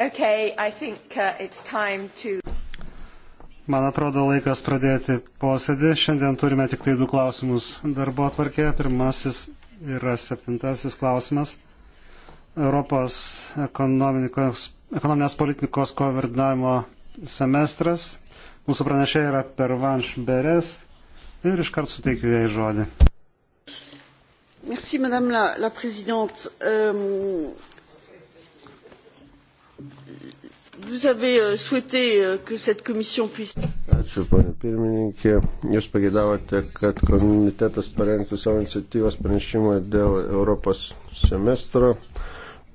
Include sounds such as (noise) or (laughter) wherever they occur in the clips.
Okay, I think uh, it's time to. Man atrodo laikas pradėti posėdį. Šiandien turime tik tai du klausimus darbo atvarkė. Pirmasis yra septintasis klausimas. Europos ekonominės politikos koordinavimo semestras. Mūsų pranešė yra Pervanš Beres ir iškart suteikiu jai žodį. Merci, madame la, la présidente. Euh, um... Vous avez euh, souhaité euh, que cette commission puisse. Ačiū, ponė pirmininkė. Jūs pagėdavote, kad komitetas parengtų savo iniciatyvos pranešimą dėl Europos semestro.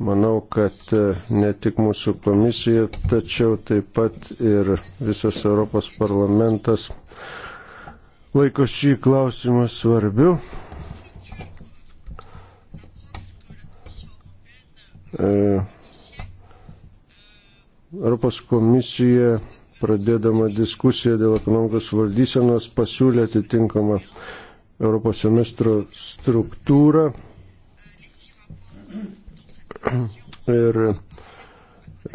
Manau, kad e, ne tik mūsų komisija, tačiau taip pat ir visas Europos parlamentas laiko šį klausimą svarbiu. E, Europos komisija pradėdama diskusiją dėl ekonomikos valdysenos pasiūlė atitinkamą Europos semestro struktūrą. Ir e,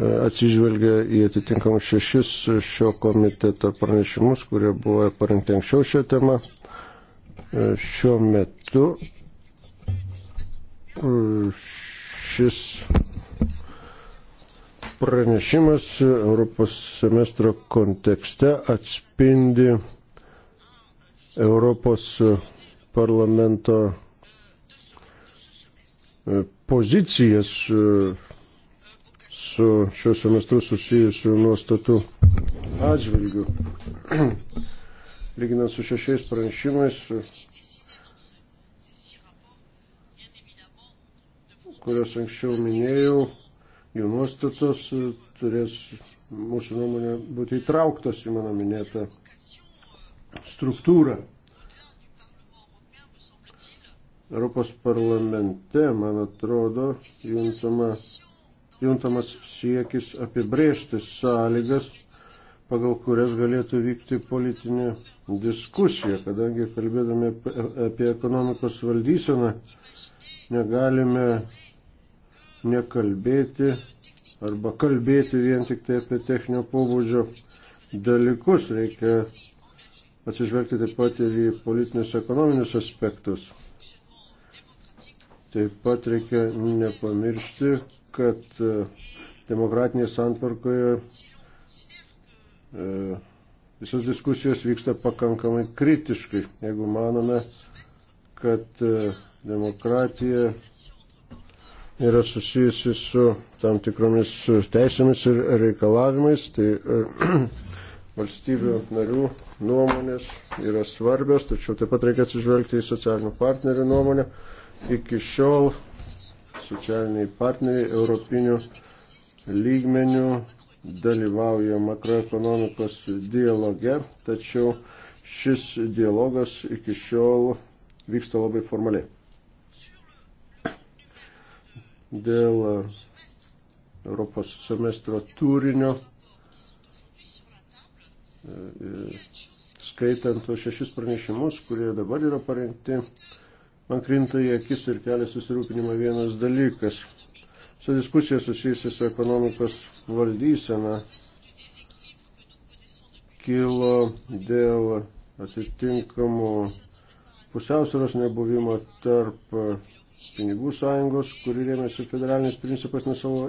atsižvelgia į atitinkamus šešis šio komiteto pranešimus, kurie buvo parengti anksčiau šią temą. E, šiuo metu e, šis pranešimas Europos semestro kontekste atspindi Europos parlamento e, pozicijas e, su šio semestru susijusių nuostatų atžvilgių. (clears throat) Lyginant su šešiais pranešimais, kurias anksčiau minėjau, jų nuostatos turės mūsų nuomonė būti įtrauktos į mano minėtą struktūrą. Europos parlamente, man atrodo, juntama, juntamas siekis apibrėžti sąlygas, pagal kurias galėtų vykti politinė diskusija, kadangi kalbėdami apie ekonomikos valdyseną negalime nekalbėti arba kalbėti vien tik tai apie techninio pobūdžio dalykus. Reikia atsižvelgti taip pat ir į politinius ekonominius aspektus. Taip pat reikia nepamiršti, kad e, demokratinėje santvarkoje e, visos diskusijos vyksta pakankamai kritiškai. Jeigu manome, kad e, demokratija yra susijusi su tam tikromis teisėmis ir reikalavimais, tai (clears throat) valstybių narių nuomonės yra svarbios, tačiau taip pat reikia atsižvelgti į socialinių partnerių nuomonę. Iki šiol socialiniai partneriai europinių lygmenių dalyvauja makroekonomikos dialoge, tačiau šis dialogas iki šiol vyksta labai formaliai dėl e, Europos semestro turinio, e, e, skaitant tos šešis pranešimus, kurie dabar yra parengti, man krinta į akis ir kelia susirūpinimą vienas dalykas. Su diskusija susijusi su ekonomikos valdysena kilo dėl atitinkamų pusiausvėros nebuvimo tarp pinigų sąjungos, kuri rėmėsi federaliniais principais nuo savo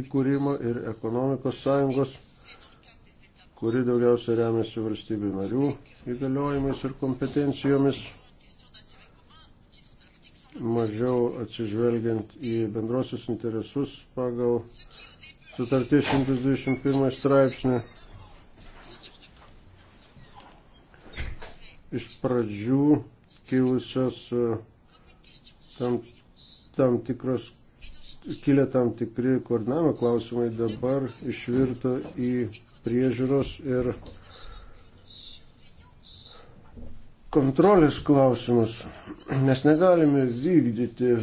įkūrimo ir ekonomikos sąjungos, kuri daugiausia remiasi valstybių narių įgaliojimais ir kompetencijomis, mažiau atsižvelgiant į bendrosius interesus pagal sutartį 121 straipsnį. Iš pradžių kilusios uh, tam, tam tikros, kilę tam tikri koordinavimo klausimai dabar išvirto į priežiūros ir kontrolės klausimus. Mes negalime vykdyti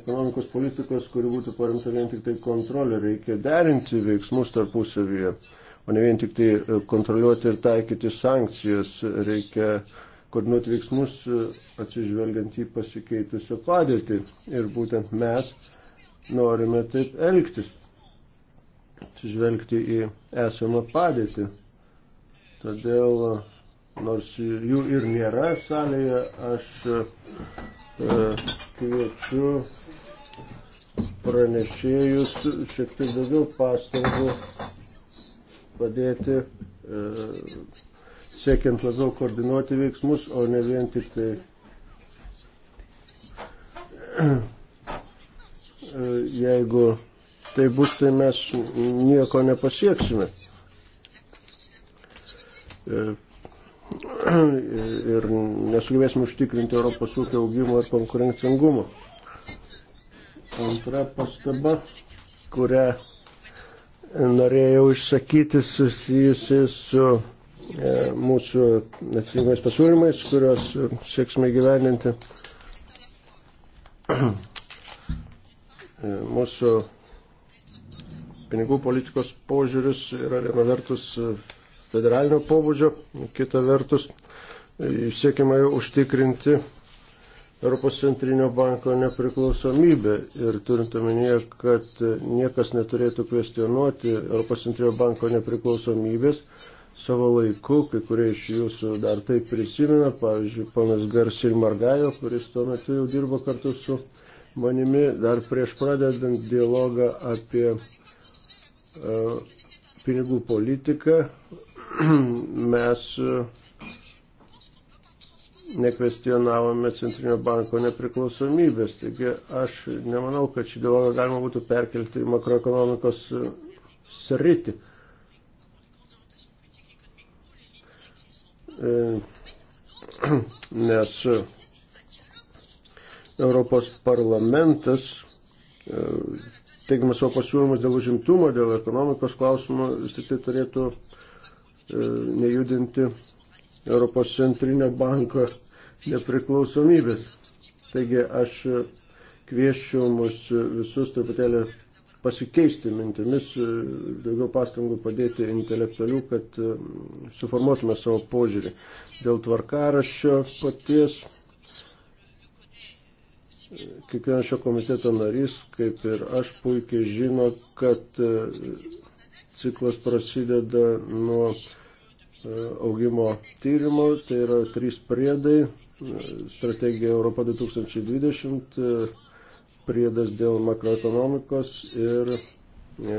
ekonomikos politikos, kuri būtų paremta vien tik tai kontrolė. Reikia derinti veiksmus tarpusavyje, o ne vien tik tai kontroliuoti ir taikyti sankcijas. Reikia uh, koordinuoti veiksmus e, atsižvelgiant į pasikeitusią padėtį. Ir būtent mes norime taip elgtis, atsižvelgti į esamą padėtį. Todėl, e, nors jų ir nėra salėje, aš e, e, kviečiu pranešėjus šiek tiek daugiau pastangų padėti e, siekiant labiau koordinuoti veiksmus, o ne vien tik tai (clears throat) e, jeigu tai bus, tai mes nieko nepasieksime. E, (clears throat) ir nesugebėsime užtikrinti Europos ūkio augimo ir konkurencingumo. Antra pastaba, kurią norėjau išsakyti susijusi su E, mūsų atsilinkimais pasiūlymais, kuriuos sieksime gyveninti. E, mūsų pinigų politikos požiūris yra viena vertus federalinio pobūdžio, kita vertus e, siekiama jau užtikrinti Europos centrinio banko nepriklausomybę ir turint omenyje, kad niekas neturėtų kvestionuoti Europos centrinio banko nepriklausomybės, savo laiku, kai kurie iš jūsų dar tai prisimena, pavyzdžiui, panas Garsi ir Margajo, kuris tuo metu jau dirbo kartu su manimi, dar prieš pradedant dialogą apie uh, pinigų politiką, (clears throat) mes e, nekvestionavome Centrinio banko nepriklausomybės. Taigi aš nemanau, kad šį dialogą galima būtų perkelti į makroekonomikos e, sritį. E, (clears throat) nes e, Europos parlamentas, e, teikdamas savo pasiūlymus dėl užimtumo, dėl ekonomikos klausimų, vis tik tai turėtų nejudinti Europos centrinio banko nepriklausomybės. Taigi aš kvieščiau mus visus truputėlį pasikeisti mintimis, e, daugiau pastangų padėti intelektualių, kad e, suformuotume savo požiūrį. Dėl tvarkaraščio paties e, kiekvienas šio komiteto narys, kaip ir aš, puikiai žino, kad ciklas prasideda nuo augimo tyrimo, tai yra trys priedai, strategija Europa 2020 priedas dėl makroekonomikos ir e,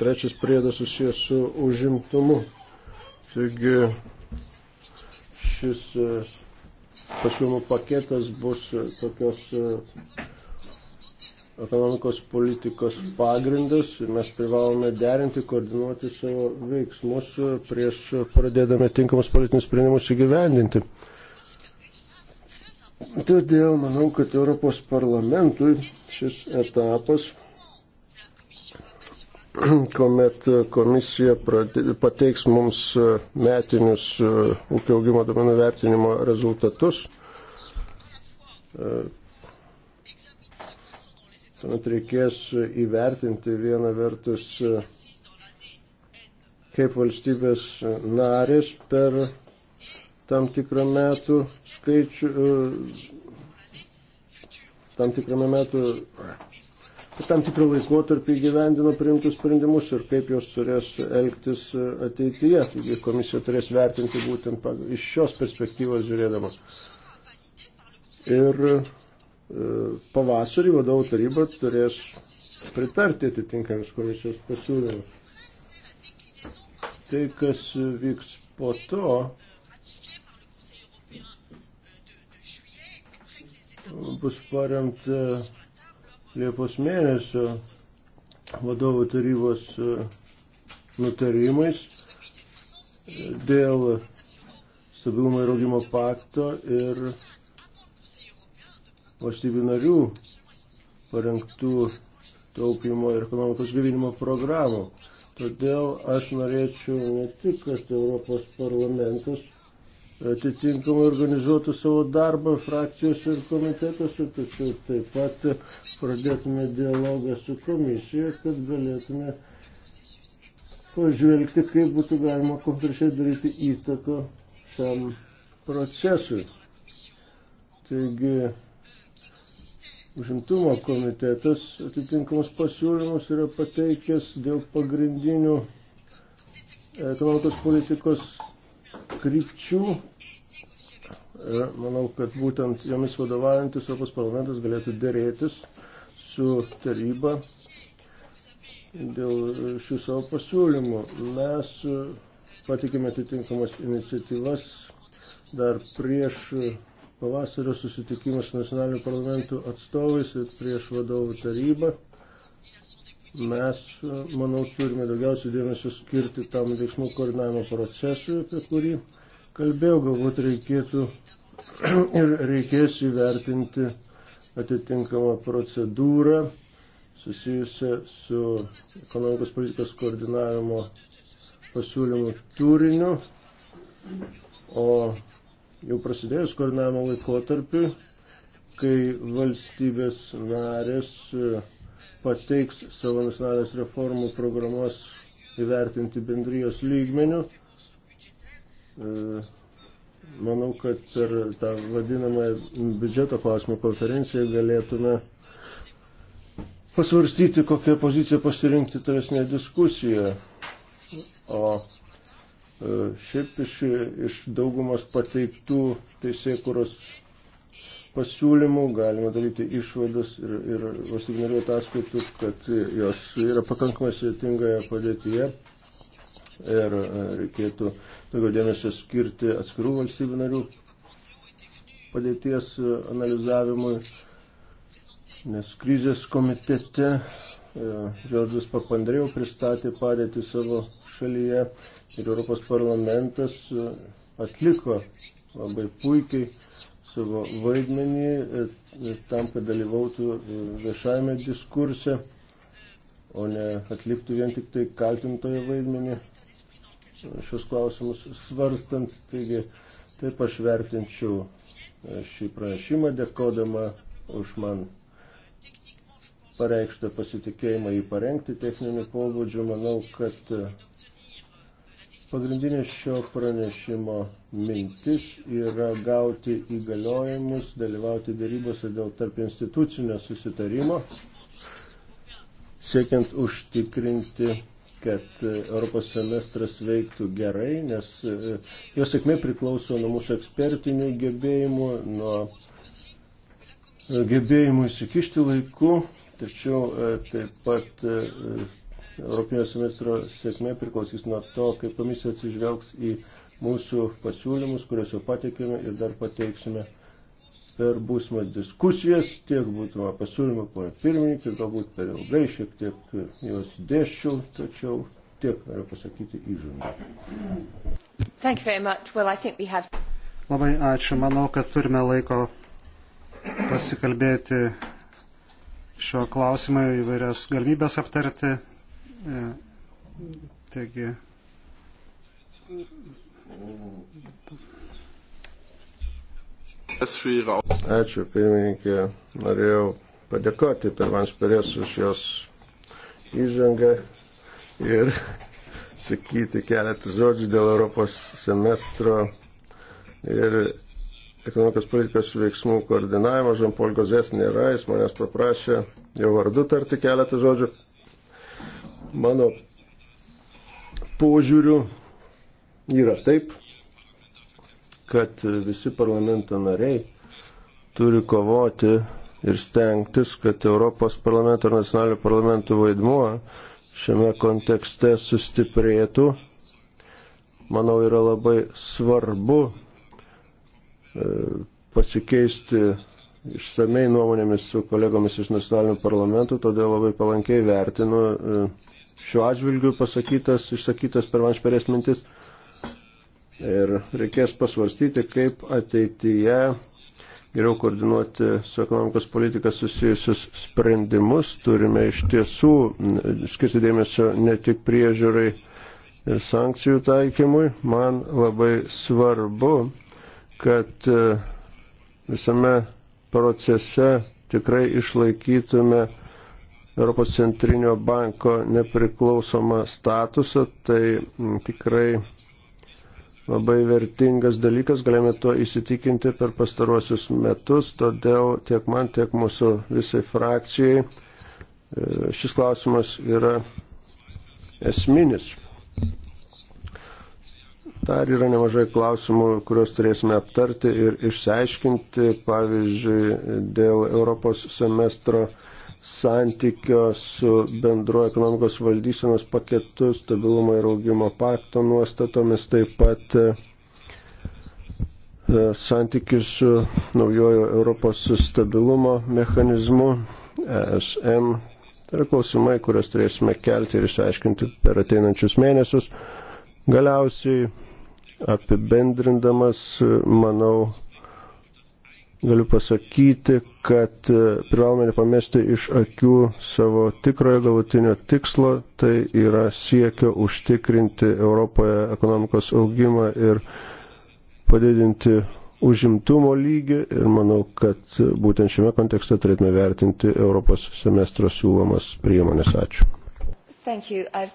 trečias priedas susijęs su užimtumu. Taigi šis e, pasiūlymų paketas bus e, tokios e, ekonomikos politikos pagrindas ir mes privalome derinti, koordinuoti savo veiksmus e, prieš pradėdami tinkamus politinius sprendimus įgyvendinti. Todėl manau, kad Europos parlamentui šis etapas, kuomet komisija pateiks mums metinius ūkio augimo domenų vertinimo rezultatus, tuomet reikės įvertinti vieną vertus, kaip valstybės narės per tam tikrą metų skaičių, e, tam tikrame metų, e, tam tikrą laikotarpį gyvendino priimtus sprendimus ir kaip jos turės elgtis e, ateityje. Taigi komisija turės vertinti būtent iš šios perspektyvos žiūrėdama. Ir pavasarį vadovų taryba turės pritarti atitinkamus komisijos pasiūlymus. Tai, kas vyks po to, bus paremta Liepos mėnesio vadovų tarybos e, nutarimais dėl stabilumo ir augimo pakto ir valstybių narių parengtų taupimo ir ekonomikos gyvinimo programų. Todėl aš norėčiau ne tik, kad Europos parlamentas atitinkamai organizuotų savo darbą frakcijos ir komitetuose, tačiau taip pat pradėtume dialogą su komisija, kad galėtume pažvelgti, kaip būtų galima konkrečiai daryti įtaką šiam procesui. Taigi, užimtumo komitetas atitinkamus pasiūlymus yra pateikęs dėl pagrindinių ekonomikos politikos krypčių. Ir manau, kad būtent jomis vadovaujantis Europos parlamentas galėtų dėrėtis su taryba dėl šių savo pasiūlymų. Mes patikime atitinkamas iniciatyvas dar prieš pavasario susitikimus nacionalinių parlamentų atstovais ir prieš vadovų tarybą mes, manau, turime daugiausiai dėmesio skirti tam veiksmų koordinavimo procesui, apie kurį kalbėjau, galbūt reikėtų (clears throat) ir reikės įvertinti atitinkamą procedūrą susijusią su ekonomikos politikos koordinavimo pasiūlymų turiniu, o jau prasidėjus koordinavimo laikotarpiu, kai valstybės narės pateiks savo nacionalinės reformų programas įvertinti bendrijos lygmenių. E, manau, kad per tą vadinamą biudžeto klausimų konferenciją galėtume pasvarstyti, kokią poziciją pasirinkti tolesnė diskusija. O e, šiaip iš, iš daugumas pateiktų teisėkuros tai pasiūlymų, galima daryti išvadas ir, ir valstybinarių ataskaitų, kad jos yra pakankamai sudėtingoje padėtyje ir e, reikėtų daugiau dėmesio skirti atskirų valstybinarių padėties e, analizavimui, nes krizės komitete e, Džordžas Papandrėjau pristatė padėtį savo šalyje ir Europos parlamentas atliko labai puikiai savo vaidmenį e, tam, kad dalyvautų e, viešajame diskurse, o ne atliktų vien tik tai kaltintojo vaidmenį šios klausimus svarstant. Taigi, taip aš vertinčiau e, šį pranešimą, dėkodama už man pareikštą pasitikėjimą jį parengti techninį pobūdžių. Manau, kad Pagrindinė šio pranešimo mintis yra gauti įgaliojimus, dalyvauti darybose dėl tarp institucinio susitarimo, siekiant užtikrinti, kad e, Europos semestras veiktų gerai, nes e, jo sėkmė priklauso nuo mūsų ekspertinių gebėjimų, nuo e, gebėjimų įsikišti laiku, tačiau taip pat Europinio semestro sėkmė priklausys nuo to, kaip komisija atsižvelgs į mūsų pasiūlymus, kuriuos jau pateikėme ir dar pateiksime per būsimas diskusijas, tiek būtumą pasiūlymą, ponia pirmininkė, galbūt per ilgai šiek tiek juos dėščiau, tačiau tiek noriu pasakyti įžangą. Well, have... Labai ačiū. Manau, kad turime laiko pasikalbėti šio klausimą įvairias galimybės aptarti E, taigi, Ačiū, pirmininkė. Norėjau padėkoti pirmans perės už jos įžangą ir (laughs) sakyti keletą žodžių dėl Europos semestro ir ekonomikos politikos veiksmų koordinavimo. Žampol Gozės nėra, jis manęs paprašė jo vardu tarti keletą žodžių mano požiūriu yra taip, kad visi parlamento nariai turi kovoti ir stengtis, kad Europos parlamento ir nacionalinio parlamento vaidmuo šiame kontekste sustiprėtų. Manau, yra labai svarbu e, pasikeisti išsamei nuomonėmis su kolegomis iš nacionalinių parlamentų, todėl labai palankiai vertinu e, šiuo atžvilgiu pasakytas, išsakytas per man šperės mintis. Ir reikės pasvarstyti, kaip ateityje geriau koordinuoti su ekonomikos politika susijusius sprendimus. Turime iš tiesų skirti dėmesio ne tik priežiūrai ir sankcijų taikymui. Man labai svarbu, kad e, visame procese tikrai išlaikytume Europos centrinio banko nepriklausomą statusą, tai mm, tikrai labai vertingas dalykas, galime to įsitikinti per pastaruosius metus, todėl tiek man, tiek mūsų visai frakcijai e, šis klausimas yra esminis. Dar yra nemažai klausimų, kuriuos turėsime aptarti ir išsiaiškinti, pavyzdžiui, dėl Europos semestro santykio su bendrojo ekonomikos valdysenos paketu, stabilumo ir augimo pakto nuostatomis, taip pat e, santykius su naujojo Europos stabilumo mechanizmu, ESM. Tai yra klausimai, kurias turėsime kelti ir išaiškinti per ateinančius mėnesius. Galiausiai apibendrindamas, manau, galiu pasakyti, kad e, privalome nepamesti iš akių savo tikrojo galutinio tikslo, tai yra siekio užtikrinti Europoje ekonomikos augimą ir padidinti užimtumo lygį ir manau, kad e, būtent šiame kontekste turėtume vertinti Europos semestro siūlomas priemonės. Ačiū.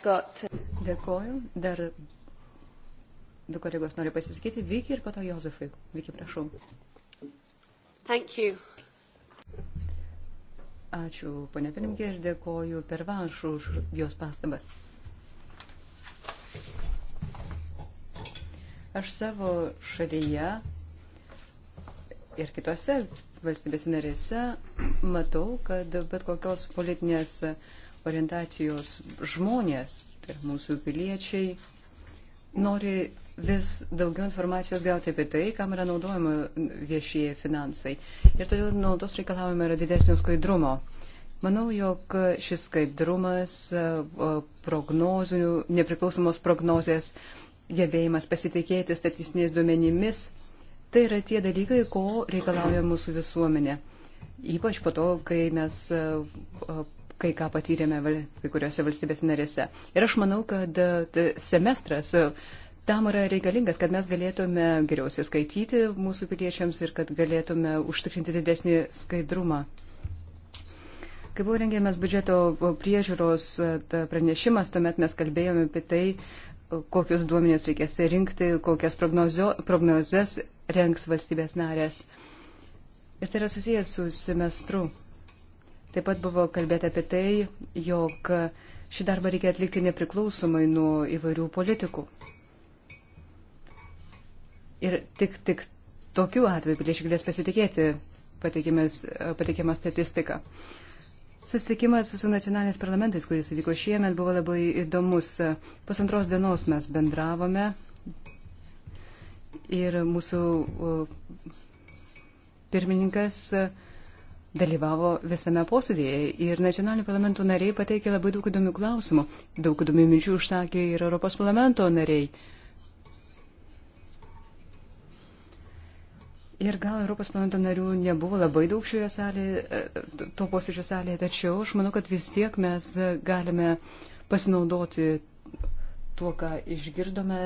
Got... Uh, Dėkuoju. Dar du kolegos nori pasiskyti. Viki ir pato Jozefai. Viki, prašau. Thank you. Ačiū, ponė Pirmkė, ir dėkoju per vanšų už jos pastabas. Aš savo šalyje ir kitose valstybės narėse matau, kad bet kokios politinės orientacijos žmonės, tai mūsų piliečiai, nori vis daugiau informacijos gauti apie tai, kam yra naudojama viešieji finansai. Ir todėl nuolatos reikalavome yra didesnio skaidrumo. Manau, jog šis skaidrumas, prognozių, nepriklausomos prognozės, gebėjimas pasitikėti statistiniais duomenimis, tai yra tie dalykai, ko reikalauja mūsų visuomenė. Ypač po to, kai mes kai ką patyrėme kai kuriuose valstybės narėse. Ir aš manau, kad semestras tam yra reikalingas, kad mes galėtume geriausiai skaityti mūsų piliečiams ir kad galėtume užtikrinti didesnį skaidrumą. Kai buvo rengėmės biudžeto priežiūros e, pranešimas, tuomet mes kalbėjome apie tai, e, kokius duomenės reikės rinkti, kokias prognozes renks valstybės narės. Ir tai yra susijęs su semestru. Taip pat buvo kalbėta apie tai, jog šį darbą reikia atlikti nepriklausomai nuo įvairių politikų. Ir tik, tik tokiu atveju piliečiai galės pasitikėti pateikiamą statistiką. Susitikimas su nacionaliniais parlamentais, kuris įvyko šiemet, buvo labai įdomus. Pusantros dienos mes bendravome ir mūsų pirmininkas dalyvavo visame posėdėje ir nacionalinių parlamentų nariai pateikė labai daug įdomių klausimų. Daug įdomių minčių užsakė ir Europos parlamento nariai. Ir gal Europos parlamento narių nebuvo labai daug šioje salėje, e, to posėdžio salėje, tačiau aš manau, kad vis tiek mes galime pasinaudoti tuo, ką išgirdome.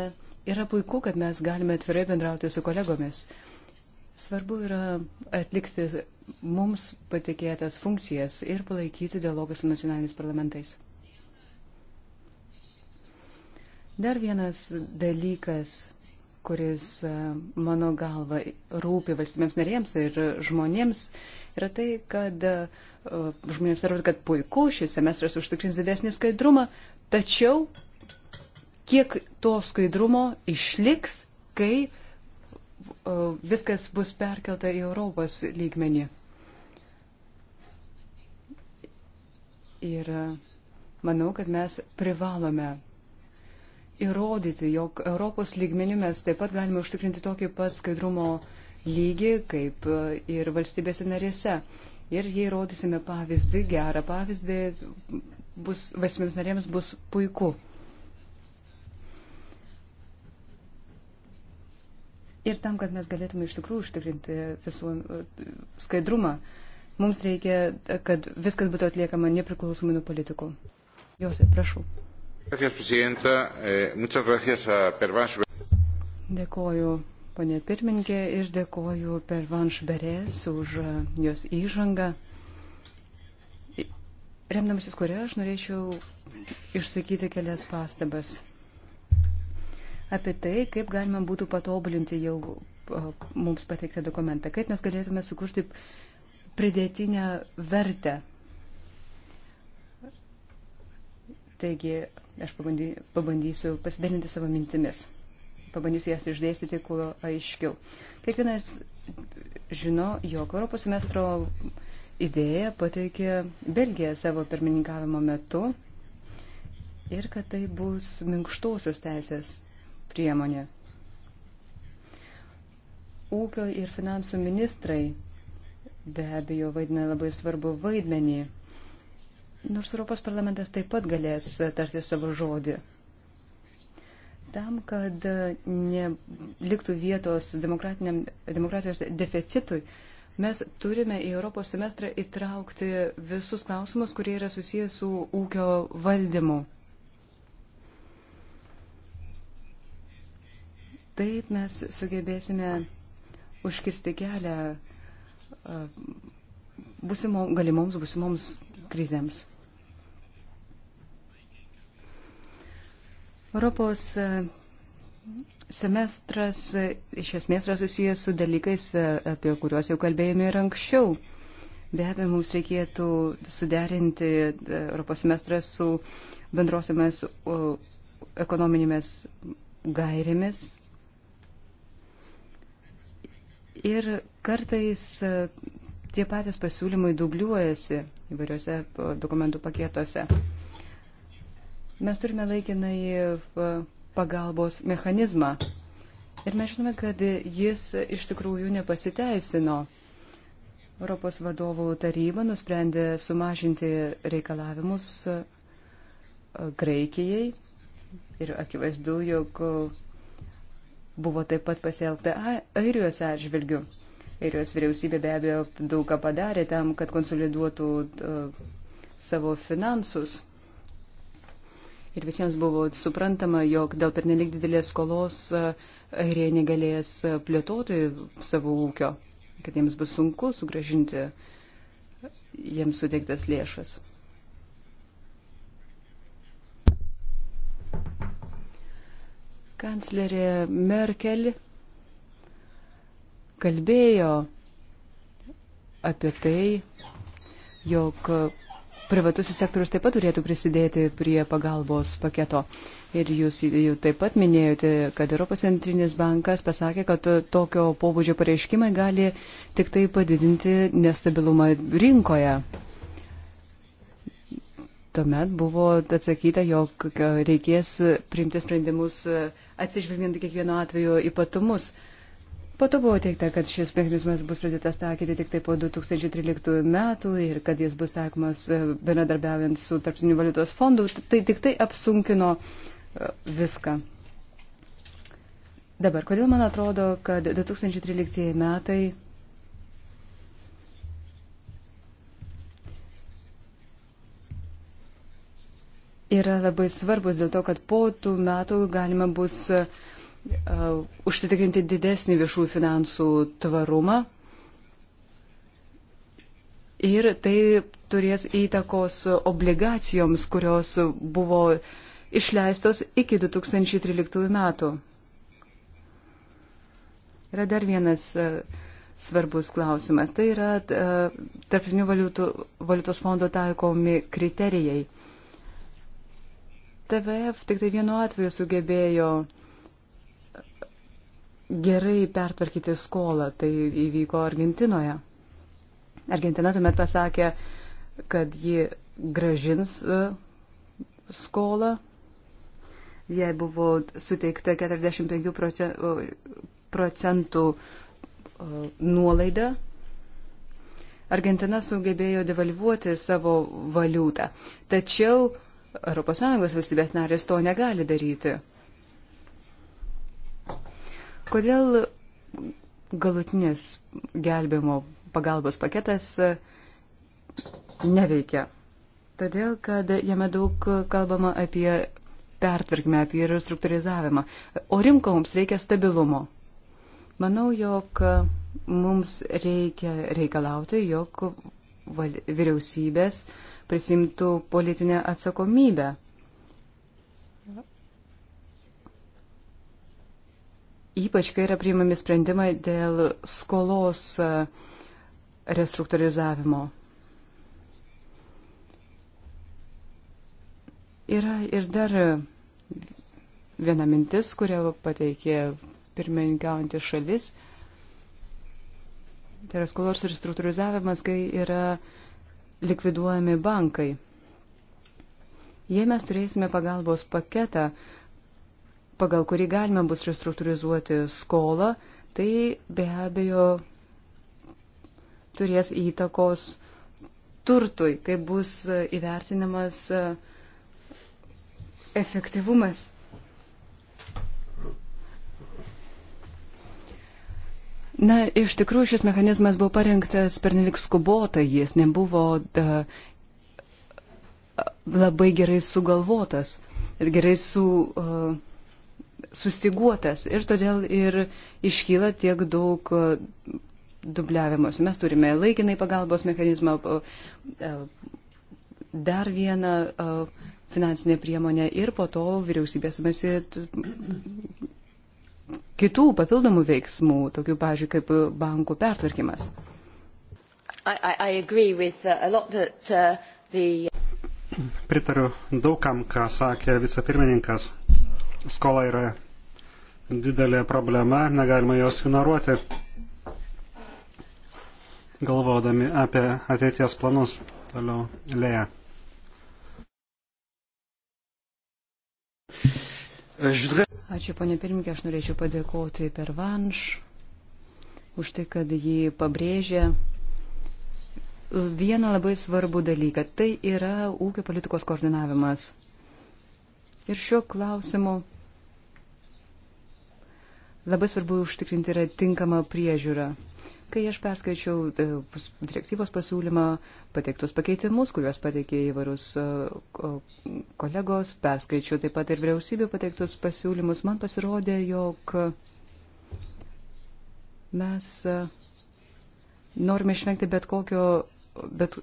Yra puiku, kad mes galime atvirai bendrauti su kolegomis. Svarbu yra atlikti mums patikėtas funkcijas ir palaikyti dialogą su nacionaliniais parlamentais. Dar vienas dalykas kuris e, mano galva rūpi valstybėms narėms ir žmonėms, yra tai, kad e, žmonėms atrodo, kad puiku, šis semestras užtikrins didesnį skaidrumą, tačiau kiek to skaidrumo išliks, kai e, viskas bus perkelta į Europos lygmenį. Ir manau, kad mes privalome įrodyti, jog Europos lygmenių mes taip pat galime užtikrinti tokį pat skaidrumo lygį, kaip e, ir valstybėse narėse. Ir jei rodysime pavyzdį, gerą pavyzdį, bus, valstybėms narėms bus puiku. Ir tam, kad mes galėtume iš tikrųjų užtikrinti visų e, skaidrumą, mums reikia, kad viskas būtų atliekama nepriklausomai nuo politikų. Josai, prašau. Gracias, Presidenta. Eh, muchas gracias a Pervanš. Dėkoju, ponė pirmininkė, ir dėkoju Pervanš Berės už e, jos įžangą remdamasis kuria aš norėčiau išsakyti kelias pastabas apie tai, kaip galima būtų patobulinti jau e, mums pateiktą dokumentą, kaip mes galėtume sukurti pridėtinę vertę. Taigi, Aš pabandysiu pasidalinti savo mintimis. Pabandysiu jas išdėstyti kuo aiškiau. Kiekvienas žino, jog Europos semestro idėją pateikė Belgija savo pirmininkavimo metu ir kad tai bus minkštosios teisės priemonė. Ūkio ir finansų ministrai be abejo vaidina labai svarbu vaidmenį Nors Europos parlamentas taip pat galės tarti savo žodį. Tam, kad neliktų vietos demokratijos deficitui, mes turime į Europos semestrą įtraukti visus klausimus, kurie yra susijęs su ūkio valdymu. Taip mes sugebėsime užkirsti kelią busimo, galimoms busimoms krizėms. Europos e, semestras e, iš esmės yra susijęs su dalykais, e, apie kuriuos jau kalbėjome ir anksčiau. Be abejo, mums reikėtų suderinti Europos semestrą su bendrosiamis ekonominėmis gairėmis. Ir kartais tie patys pasiūlymai dubliuojasi įvairiuose dokumentų paketuose. Mes turime laikinai e, pagalbos mechanizmą. Ir mes žinome, kad jis iš tikrųjų nepasiteisino. Europos vadovų taryba nusprendė sumažinti reikalavimus e, Graikijai ir akivaizdu, jog buvo taip pat pasielgta Airijos atžvilgių. Airijos vyriausybė be abejo daugą padarė tam, kad konsoliduotų e, savo finansus. Ir visiems buvo suprantama, jog dėl pernelik didelės skolos e, airija negalės e, plėtoti savo ūkio, kad jiems bus sunku sugražinti jiems suteiktas lėšas. Kanclerė Merkel kalbėjo apie tai, jog privatus sektorius taip pat turėtų prisidėti prie pagalbos paketo. Ir jūs jau taip pat minėjote, kad Europos centrinis bankas pasakė, kad tokio pobūdžio pareiškimai gali tik tai padidinti nestabilumą rinkoje. Tuomet buvo atsakyta, jog reikės priimti sprendimus atsižvelgiant kiekvieno atveju ypatumus. Po to buvo teikta, kad šis mechanizmas bus pradėtas taikyti tik tai po 2013 metų ir kad jis bus taikomas e, bendradarbiaujant su tarptautiniu valiutos fondu. Tai tik tai apsunkino e, viską. Dabar, kodėl man atrodo, kad 2013 metai yra labai svarbus dėl to, kad po tų metų galima bus uh, uh, užsitikrinti didesnį viešų finansų tvarumą. Ir tai turės įtakos obligacijoms, kurios buvo išleistos iki 2013 metų. Yra dar vienas uh, svarbus klausimas. Tai yra uh, tarptautinių valiutos fondo taikomi kriterijai. TVF tik tai vienu atveju sugebėjo uh, gerai pertvarkyti skolą. Tai įvyko Argentinoje. Argentina tuomet pasakė, kad ji gražins e, skolą. Jai buvo suteikta 45 procentų e, nuolaida. Argentina sugebėjo devalvuoti savo valiutą. Tačiau ES valstybės narės to negali daryti. Kodėl galutinis gelbėjimo pagalbos paketas e, neveikia? Todėl, kad jame daug kalbama apie pertvarkymę, apie restruktūrizavimą. O rinko mums reikia stabilumo. Manau, jog mums reikia reikalauti, jog vyriausybės prisimtų politinę atsakomybę ypač kai yra priimami sprendimai dėl skolos e, restruktūrizavimo. Yra ir dar viena mintis, kurią pateikė pirmininkaujantį šalis. Tai yra skolos restruktūrizavimas, kai yra likviduojami bankai. Jei mes turėsime pagalbos paketą, pagal kurį galima bus restruktūrizuoti skolą, tai be abejo turės įtakos turtui, kai bus įvertinamas e, efektyvumas. Na, iš tikrųjų šis mechanizmas buvo parengtas pernelik skubotai, jis nebuvo da, e, labai gerai sugalvotas ir gerai su. Uh, sustiguotas ir todėl ir iškyla tiek daug e, dubliavimus. Mes turime laikinai pagalbos mechanizmą, e, e, dar vieną finansinę priemonę ir po to vyriausybė sumasi kitų papildomų veiksmų, tokių, pažiūrėjau, kaip bankų pertvarkymas. I, I uh, that, uh, the... Pritariu daugam, ką sakė vicepirmininkas skola yra didelė problema, negalima jos ignoruoti, galvodami apie ateities planus. Toliau lėja. Ačiū, ponė pirmininkė, aš norėčiau padėkoti per Vanš už tai, kad jį pabrėžė vieną labai svarbų dalyką. Tai yra ūkio politikos koordinavimas. Ir šiuo klausimu Labai svarbu užtikrinti yra tinkamą priežiūrą. Kai aš perskaičiau e, direktyvos pasiūlymą, pateiktus pakeitimus, kuriuos pateikė įvarus e, kolegos, perskaičiau taip pat ir vyriausybių pateiktus pasiūlymus, man pasirodė, jog mes e, norime išvengti bet, kokio, bet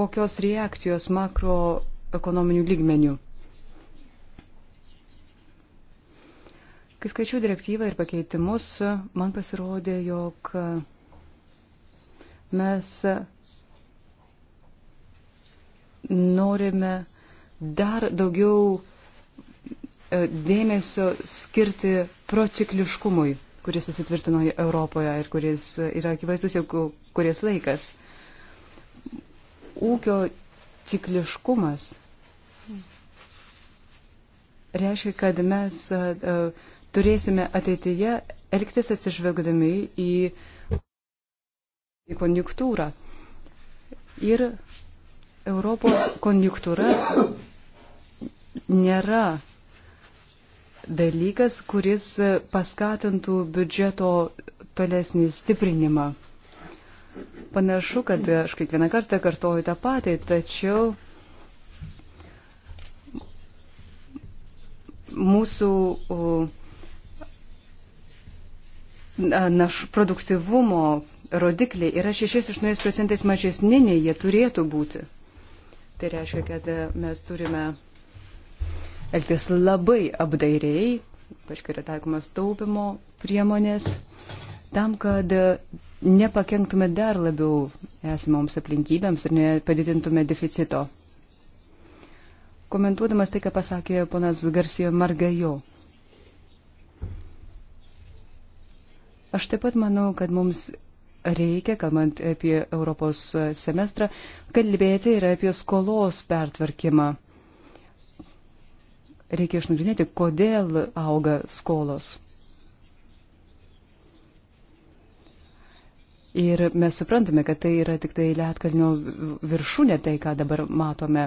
kokios reakcijos makroekonominių lygmenių. Kai skaičiau direktyvą ir pakeitimus, man pasirodė, jog mes norime dar daugiau e, dėmesio skirti procikliškumui, kuris įsitvirtino Europoje ir kuris yra akivaizdus jau kuris laikas. Ūkio cikliškumas reiškia, kad mes uh, turėsime ateityje elgtis atsižvelgdami į, į konjunktūrą. Ir Europos konjunktūra nėra dalykas, kuris paskatintų biudžeto tolesnį stiprinimą. Panašu, kad aš kiekvieną kartą kartoju tą patį, tačiau mūsų uh, naš produktivumo rodikliai yra 6-8 procentais mažesni, nei jie turėtų būti. Tai reiškia, kad e, mes turime elgtis labai apdairiai, paškai yra taikomas taupimo priemonės, tam, kad e, nepakenktume dar labiau esamoms aplinkybėms ir nepadidintume deficito. Komentuodamas tai, ką pasakė ponas Garsijo Margajo, Aš taip pat manau, kad mums reikia, kalbant apie Europos semestrą, kalbėti ir apie skolos pertvarkymą. Reikia išnagrinėti, kodėl auga skolos. Ir mes suprantame, kad tai yra tik tai lietkalnio viršūnė, tai ką dabar matome.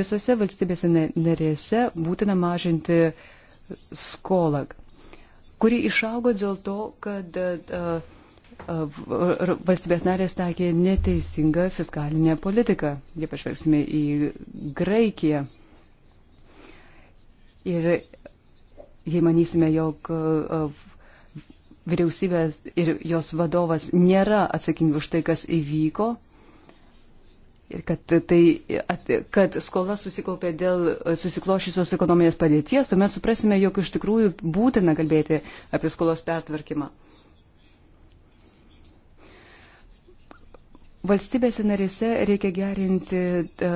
Visose valstybėse narėse būtina mažinti skolą kuri išaugo dėl to, kad e, e, valstybės narės takė neteisingą fiskalinę politiką. Jei pažvelgsime į Graikiją. Ir jei manysime, jog e, vyriausybės ir jos vadovas nėra atsakingi už tai, kas įvyko, Ir kad, tai, kad skola susikaupė dėl susiklošysios ekonominės padėties, tuomet suprasime, jog iš tikrųjų būtina kalbėti apie skolos pertvarkymą. Valstybėse narėse reikia gerinti e,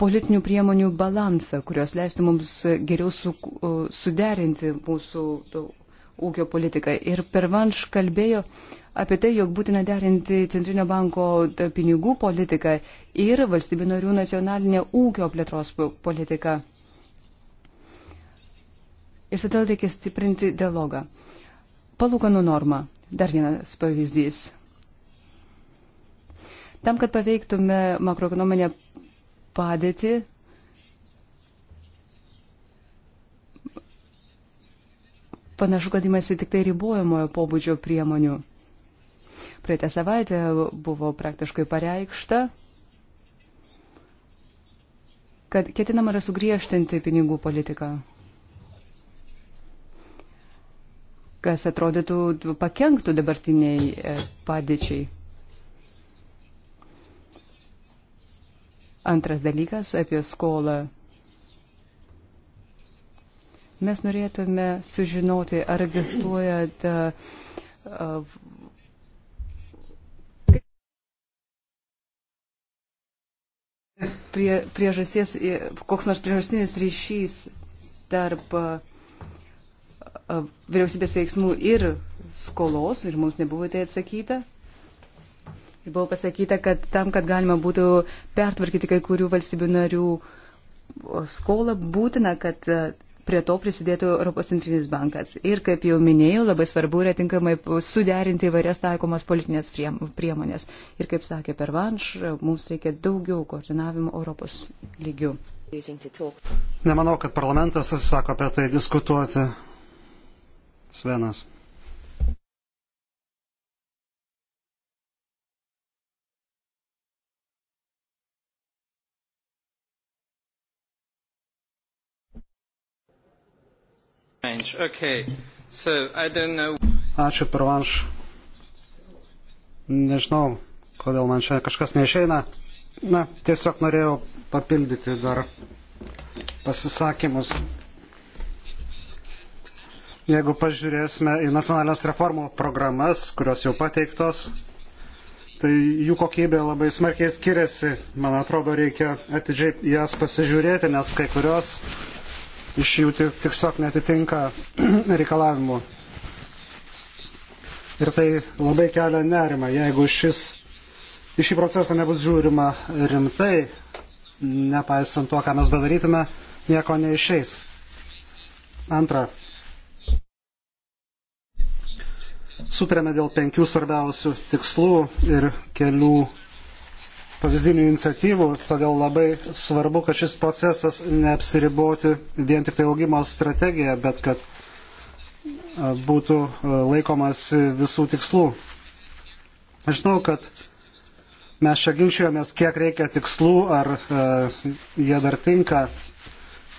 politinių priemonių balansą, kurios leistų mums geriau su, e, suderinti mūsų ūkio politiką. Ir per vanš kalbėjo, uh, apie tai, jog būtina derinti Centrinio banko pinigų politiką ir valstybių narių nacionalinę ūkio plėtros politiką. Ir todėl reikia stiprinti dialogą. Palūkanų norma. Dar vienas pavyzdys. Tam, kad paveiktume makroekonominę padėtį, panašu, kad įmasi tik tai ribojamojo pobūdžio priemonių. Praeitą savaitę buvo praktiškai pareikšta, kad ketinama yra sugriežtinti pinigų politiką. kas atrodytų pakenktų dabartiniai e, padėčiai. Antras dalykas apie skolą. Mes norėtume sužinoti, ar egzistuoja ta, prie, priežasties, koks nors priežastinis ryšys tarp vyriausybės veiksmų ir skolos, ir mums nebuvo tai atsakyta. Ir buvo pasakyta, kad tam, kad galima būtų pertvarkyti kai kurių valstybių narių skolą, būtina, kad prie to prisidėtų Europos centrinis bankas. Ir, kaip jau minėjau, labai svarbu yra tinkamai suderinti įvairias taikomas politinės priemonės. Ir, kaip sakė Pervanš, mums reikia daugiau koordinavimo Europos lygių. Nemanau, kad parlamentas atsisako apie tai diskutuoti. Svenas. Pervanš. Okay. So, Ačiū, Pervanš. Nežinau, kodėl man čia kažkas neišeina. Na, tiesiog norėjau papildyti dar pasisakymus. Jeigu pažiūrėsime į nacionalinės reformų programas, kurios jau pateiktos, tai jų kokybė labai smarkiai skiriasi. Man atrodo, reikia atidžiai jas pasižiūrėti, nes kai kurios iš jų tiesiog netitinka (clears throat) reikalavimų. Ir tai labai kelia nerima, jeigu šis, iš šį procesą nebus žiūrima rimtai, nepaisant to, ką mes bedarytume, nieko neišeis. Antra. Sutrėme dėl penkių svarbiausių tikslų ir kelių pavyzdinių iniciatyvų, todėl labai svarbu, kad šis procesas neapsiriboti vien tik tai augimo strategija, bet kad būtų laikomas visų tikslų. Aš žinau, kad mes čia ginčiojomės, kiek reikia tikslų, ar uh, jie dar tinka,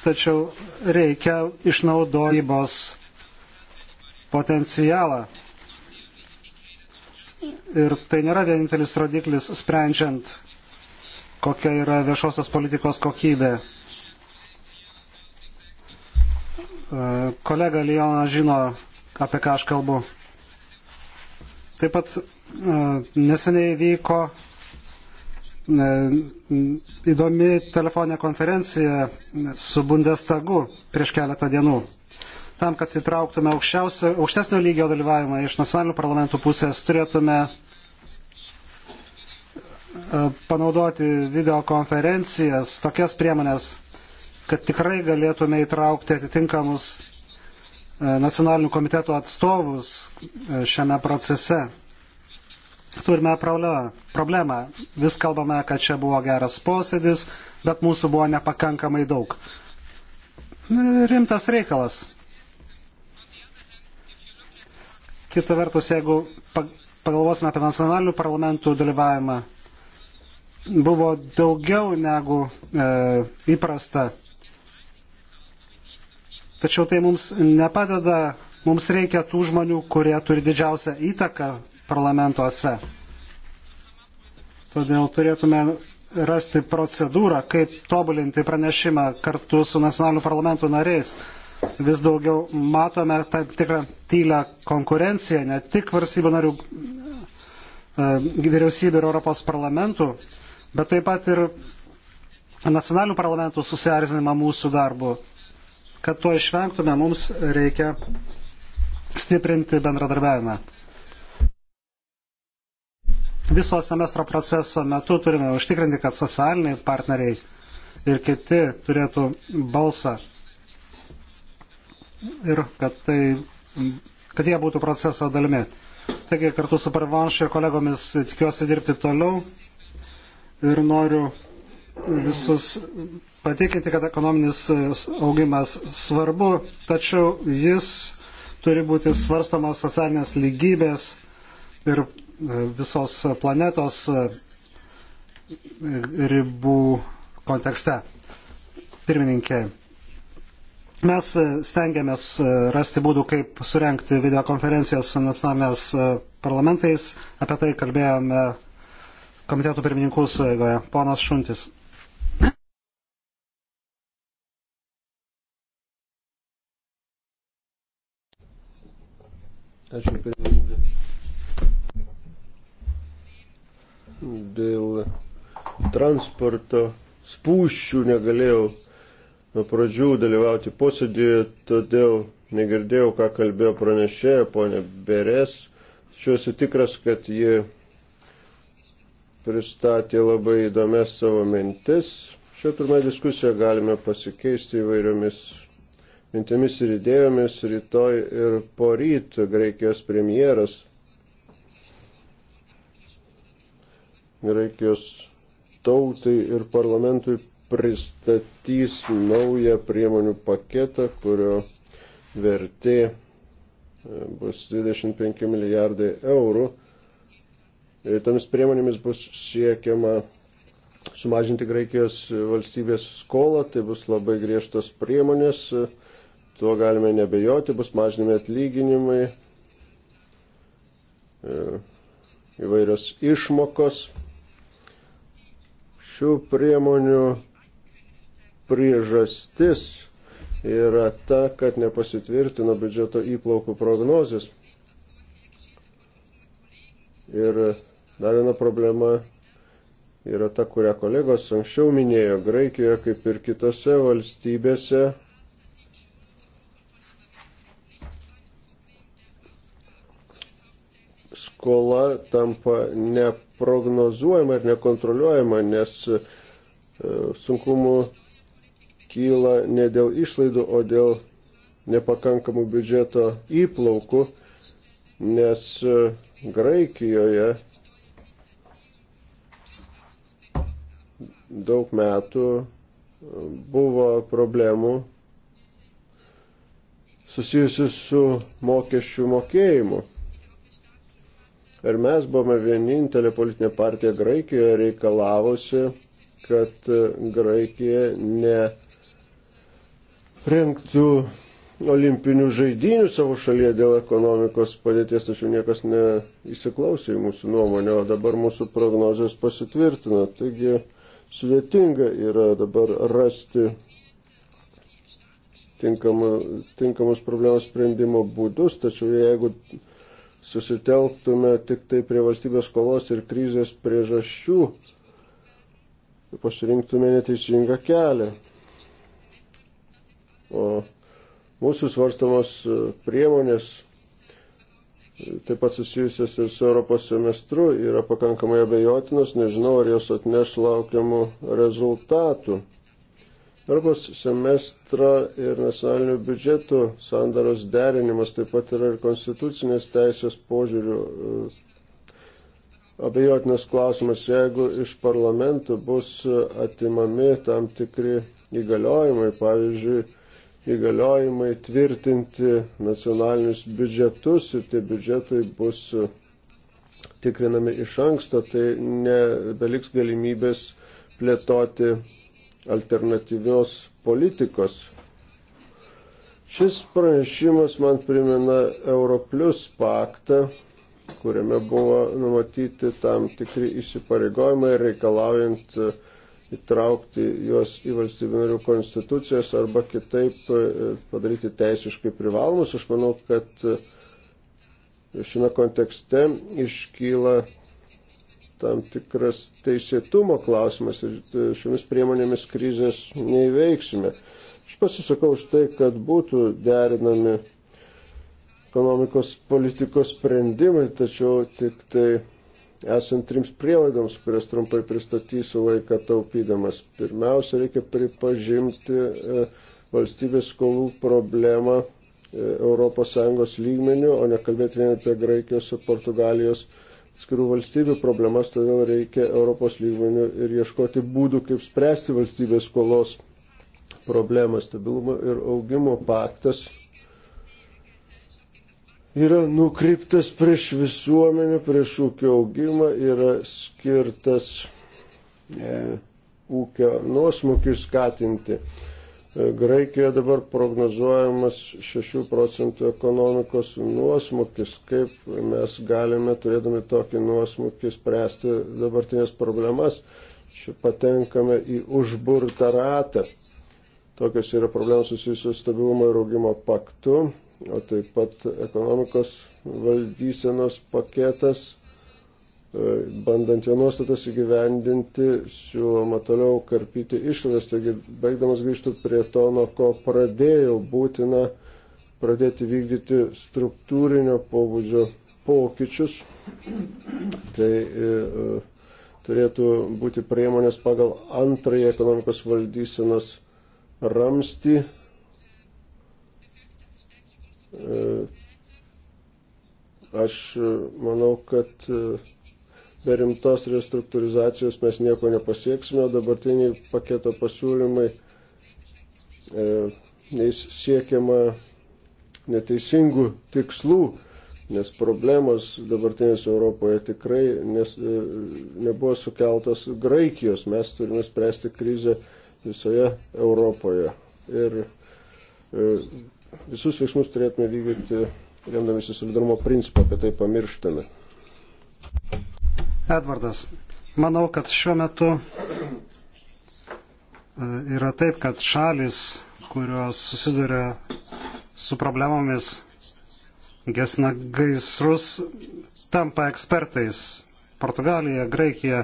tačiau reikia išnaudojybos potencialą. Ir tai nėra vienintelis rodiklis sprendžiant kokia yra viešosios politikos kokybė. E, kolega Lijona žino, apie ką aš kalbu. Taip pat e, neseniai vyko e, įdomi telefoninė konferencija su Bundestagu prieš keletą dienų. Tam, kad įtrauktume aukštesnio lygio dalyvavimą iš nacionalinių parlamentų pusės, turėtume uh, E, panaudoti videokonferencijas, tokias priemonės, kad tikrai galėtume įtraukti atitinkamus e, nacionalinių komitetų atstovus e, šiame procese. Turime problemą. Vis kalbame, kad čia buvo geras posėdis, bet mūsų buvo nepakankamai daug. Rimtas reikalas. Kita vertus, jeigu pagalvosime apie nacionalinių parlamentų dalyvavimą, buvo daugiau negu e, įprasta. Tačiau tai mums nepadeda, mums reikia tų žmonių, kurie turi didžiausią įtaką parlamentuose. Todėl turėtume rasti procedūrą, kaip tobulinti pranešimą kartu su nacionaliniu parlamentu nariais. Vis daugiau matome tam tikrą tylę konkurenciją ne tik varsybių narių e, vyriausybių ir Europos parlamentų, bet taip pat ir nacionalinių parlamentų susierzinimą mūsų darbu. Kad to išvengtume, mums reikia stiprinti bendradarbiavimą. Viso semestro proceso metu turime užtikrinti, kad socialiniai partneriai ir kiti turėtų balsą ir kad, tai, kad jie būtų proceso dalimi. Taigi kartu su Parvanšu ir kolegomis tikiuosi dirbti toliau ir noriu visus patikinti, kad ekonominis augimas svarbu, tačiau jis turi būti svarstamas socialinės lygybės ir e, visos planetos e, ribų kontekste. Pirmininkė, mes stengiamės rasti būdų, kaip surenkti videokonferencijas su nacionalinės e, parlamentais. Apie tai kalbėjome komitetų pirmininkų suėgoje. Ponas Šuntis. Ačiū pirmininkai. Dėl transporto spūščių negalėjau nuo pradžių dalyvauti posėdėje, todėl negirdėjau, ką kalbėjo pranešėja ponė Beres. Šiuo esu tikras, kad ji pristatė labai įdomias savo mintis. Šią pirmą diskusiją galime pasikeisti įvairiomis mintimis ir idėjomis rytoj ir poryt Graikijos premjeras. Graikijos tautai ir parlamentui pristatys naują priemonių paketą, kurio vertė e, bus 25 milijardai eurų. E, tomis priemonėmis bus siekiama sumažinti Graikijos valstybės skolą, tai bus labai griežtos priemonės, tuo galime nebejoti, bus mažinami atlyginimai, e, įvairios išmokos. Šių priemonių priežastis yra ta, kad nepasitvirtino biudžeto įplaukų prognozijas. Ir Dar viena problema yra ta, kurią kolegos anksčiau minėjo Graikijoje, kaip ir kitose valstybėse. Skola tampa neprognozuojama ir nekontroliuojama, nes e, sunkumų kyla ne dėl išlaidų, o dėl nepakankamų biudžeto įplaukų, nes e, Graikijoje daug metų buvo problemų susijusių su mokesčių mokėjimu. Ir mes buvome vienintelė politinė partija Graikijoje reikalavusi, kad Graikija nerengtų olimpinių žaidynių savo šalyje dėl ekonomikos padėties, tačiau niekas neįsiklausė į mūsų nuomonę, o dabar mūsų prognozijos pasitvirtino. Taigi, sudėtinga yra dabar rasti tinkamą, tinkamus problemos sprendimo būdus, tačiau jeigu susitelktume tik tai prie valstybės skolos ir krizės priežasčių, pasirinktume neteisingą kelią. O mūsų svarstamos priemonės taip pat susijusios ir su Europos semestru, yra pakankamai abejotinos, nežinau, ar jos atneš laukiamų rezultatų. Europos semestro ir nacionalinių biudžetų sandaros derinimas taip pat yra ir konstitucinės teisės požiūrių e, abejotinas klausimas, jeigu iš parlamentų bus atimami tam tikri įgaliojimai, pavyzdžiui, įgaliojimai tvirtinti nacionalinius biudžetus ir tie biudžetai bus tikrinami iš anksto, tai nebeliks galimybės plėtoti alternatyvios politikos. Šis pranešimas man primena Europlius paktą, kuriame buvo numatyti tam tikri įsipareigojimai reikalaujant uh, įtraukti juos į valstybių narių konstitucijas arba kitaip e, padaryti teisiškai privalomus. Aš manau, kad e, šiame kontekste iškyla tam tikras teisėtumo klausimas ir e, šiomis priemonėmis krizės neįveiksime. Aš pasisakau už tai, kad būtų derinami ekonomikos politikos sprendimai, tačiau tik tai esant trims prielaidoms, kurias trumpai pristatysiu laiką taupydamas. Pirmiausia, reikia pripažinti e, valstybės skolų problemą ES lygmenių, o nekalbėti vien apie Graikijos ir Portugalijos skirų valstybių problemas, todėl reikia Europos lygmenių ir ieškoti būdų, kaip spręsti valstybės skolos problemą. Stabilumo ir augimo paktas yra nukreiptas prieš visuomenę, prieš ūkio augimą, yra skirtas e, ūkio nuosmukį skatinti. E, Graikijoje dabar prognozuojamas 6 procentų ekonomikos nuosmukis. Kaip mes galime, turėdami tokį nuosmukį, spręsti dabartinės problemas? Čia patenkame į užburtą ratą. Tokios yra problemos susijusios stabilumo ir augimo paktu o taip pat ekonomikos valdysenos paketas, e, bandant jo nuostatas įgyvendinti, siūloma toliau karpyti išlaidas. Taigi, baigdamas grįžtų prie to, nuo ko pradėjau, būtina pradėti vykdyti struktūrinio pobūdžio pokyčius. Tai e, e turėtų būti priemonės pagal antrąjį ekonomikos valdysenos ramstį E, aš manau, kad e, be rimtos restruktūrizacijos mes nieko nepasieksime, dabartiniai paketo pasiūlymai e, neis siekiama neteisingų tikslų, nes problemos dabartinės Europoje tikrai nes, nebuvo sukeltos Graikijos, mes turime spręsti krizę visoje Europoje. Ir visus veiksmus turėtume vykdyti remdamėsi solidarumo principą, apie tai pamirštame. Edvardas, manau, kad šiuo metu e, yra taip, kad šalis, kurios susiduria su problemomis gesina gaisrus, tampa ekspertais. Portugalija, Graikija,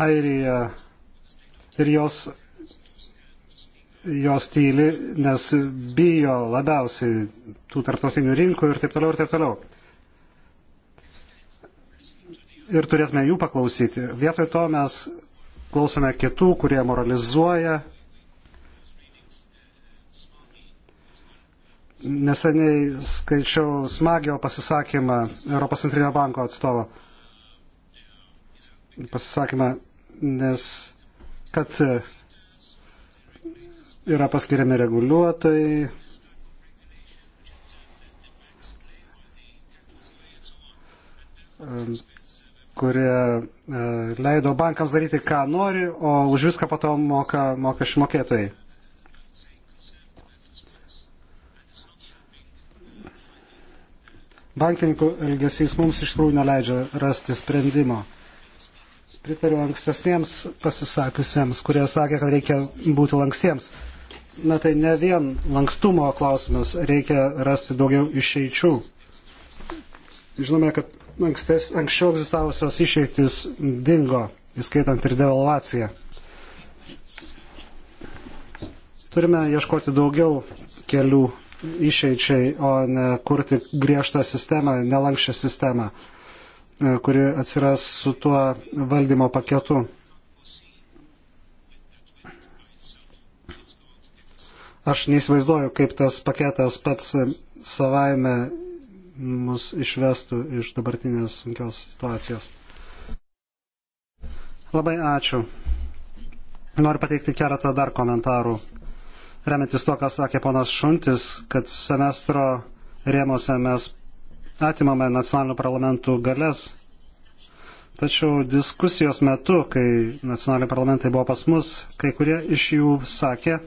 Airija ir jos jos tyli, nes bijo labiausiai tų tarptautinių rinkų ir taip toliau ir taip toliau. Ir turėtume jų paklausyti. Vietoj to mes klausome kitų, kurie moralizuoja. Neseniai skaičiau smagio pasisakymą Europos centrinio banko atstovo. Pasisakymą, nes kad yra paskiriami reguliuotojai. kurie e, leido bankams daryti, ką nori, o už viską pato moka mokesčių mokėtojai. Bankininkų elgesys mums iš tikrųjų neleidžia rasti sprendimo. Pritariu ankstesniems pasisakiusiems, kurie sakė, kad reikia būti lankstiems. Na tai ne vien lankstumo klausimas, reikia rasti daugiau išeičių. Žinome, kad ankstes, anksčiau egzistavusios išeitis dingo, įskaitant ir devalvaciją. Turime ieškoti daugiau kelių išeičiai, o ne kurti griežtą sistemą, nelankščią sistemą, e, kuri atsiras su tuo valdymo paketu. Aš neįsivaizduoju, kaip tas paketas pats savaime mus išvestų iš dabartinės sunkios situacijos. Labai ačiū. Noriu pateikti keletą dar komentarų. Remiantis to, ką sakė ponas Šuntis, kad semestro rėmose mes atimame nacionalinių parlamentų galės. Tačiau diskusijos metu, kai nacionaliniai parlamentai buvo pas mus, kai kurie iš jų sakė,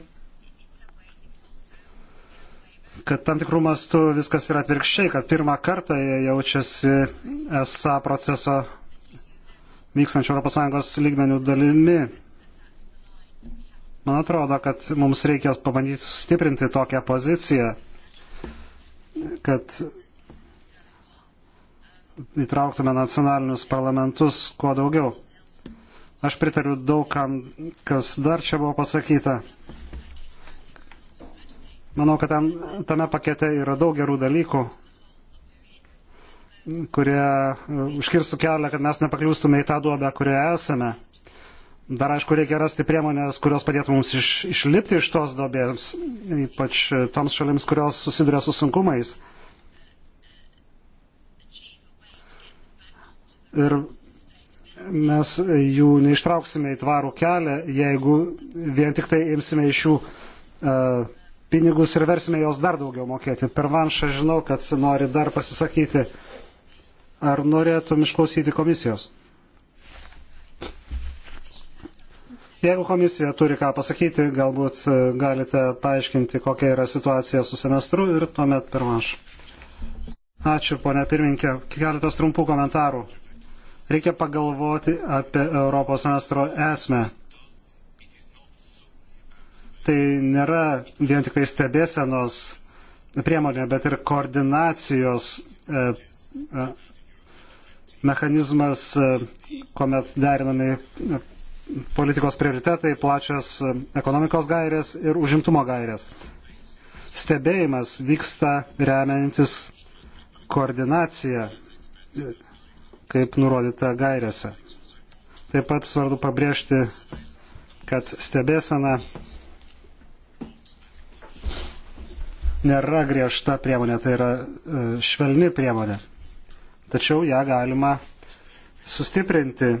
kad tam tikrų mastų viskas yra atvirkščiai, kad pirmą kartą jie jaučiasi esą proceso vykstančio ES lygmenių dalimi. Man atrodo, kad mums reikia pabandyti sustiprinti tokią poziciją, kad įtrauktume nacionalinius parlamentus kuo daugiau. Aš pritariu daugam, kas dar čia buvo pasakyta. Manau, kad ten, tame pakete yra daug gerų dalykų, kurie e, užkirstų kelią, kad mes nepakliūstume į tą duobę, kurioje esame. Dar aišku, reikia rasti priemonės, kurios padėtų mums iš, išlipti iš tos duobės, ypač e, toms šalims, kurios susiduria su sunkumais. Ir mes jų neištrauksime į tvarų kelią, jeigu vien tik tai imsime iš jų uh, pinigus ir versime jos dar daugiau mokėti. Per vanšą žinau, kad nori dar pasisakyti. Ar norėtum išklausyti komisijos? Jeigu komisija turi ką pasakyti, galbūt e, galite paaiškinti, kokia yra situacija su semestru ir tuomet per vanšą. Ačiū, ponia pirminkė. Keletas trumpų komentarų. Reikia pagalvoti apie Europos semestro esmę tai nėra vien tik tai stebėsenos priemonė, bet ir koordinacijos e, e, mechanizmas, e, kuomet derinami e, politikos prioritetai, plačios e, ekonomikos gairės ir užimtumo gairės. Stebėjimas vyksta remiantis koordinacija, e, kaip nurodyta gairėse. Taip pat svarbu pabrėžti, kad stebėsena nėra griežta priemonė, tai yra e, švelni priemonė. Tačiau ją galima sustiprinti.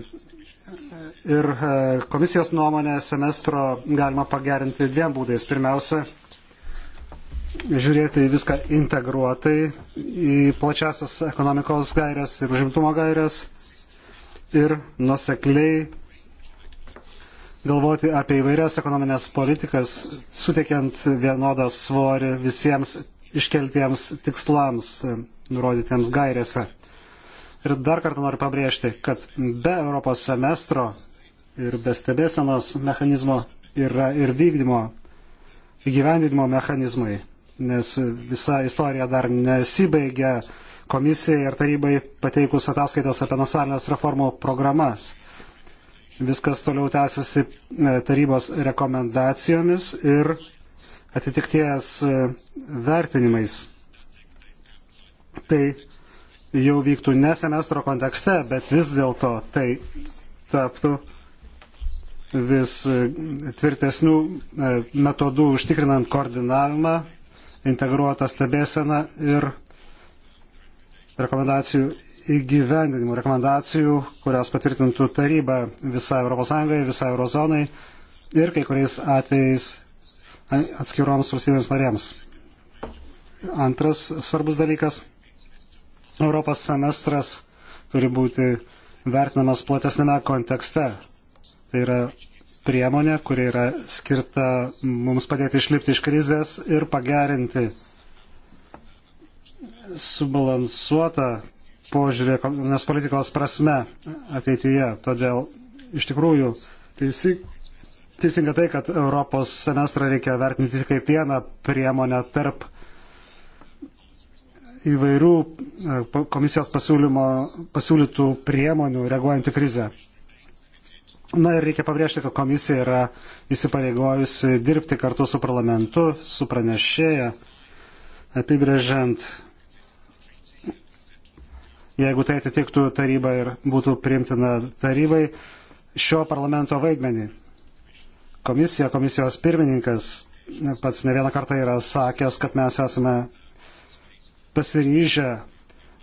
Ir e, komisijos nuomonę semestro galima pagerinti dviem būdais. Pirmiausia, žiūrėti viską integruotai į plačiasias ekonomikos gairias ir užimtumo gairias ir nusekliai galvoti apie įvairias ekonominės politikas, suteikiant vienodą svorį visiems iškeltiems tikslams nurodytiems gairėse. Ir dar kartą noriu pabrėžti, kad be Europos semestro ir be stebėsenos mechanizmo yra ir vykdymo, įgyvendinimo mechanizmai, nes visa istorija dar nesibaigia komisijai ir tarybai pateikus ataskaitas apie nacionalinės reformų programas. Viskas toliau tęsiasi e, tarybos rekomendacijomis ir atitikties e, vertinimais. Tai jau vyktų ne semestro kontekste, bet vis dėlto tai taptų vis e, tvirtesnių metodų užtikrinant koordinavimą, integruotą stebėseną ir rekomendacijų įgyvendinimo rekomendacijų, kurias patvirtintų taryba visai ES, visai eurozonai ir kai kuriais atvejais atskiroms valstybėms narėms. Antras svarbus dalykas - Europos semestras turi būti vertinamas platesnėme kontekste. Tai yra priemonė, kuri yra skirta mums padėti išlipti iš krizės ir pagerinti subalansuotą požiūrį ekonominės politikos prasme ateityje. Todėl iš tikrųjų teisi, teisinga tai, kad Europos semestrą reikia vertinti kaip vieną priemonę tarp įvairių e, komisijos pasiūlytų priemonių reaguojant į krizę. Na ir reikia pabrėžti, kad komisija yra įsipareigojusi dirbti kartu su parlamentu, su pranešėja, apibrėžiant jeigu tai atitiktų tarybą ir būtų priimtina tarybai šio parlamento vaidmenį. Komisija, komisijos pirmininkas pats ne vieną kartą yra sakęs, kad mes esame pasiryžę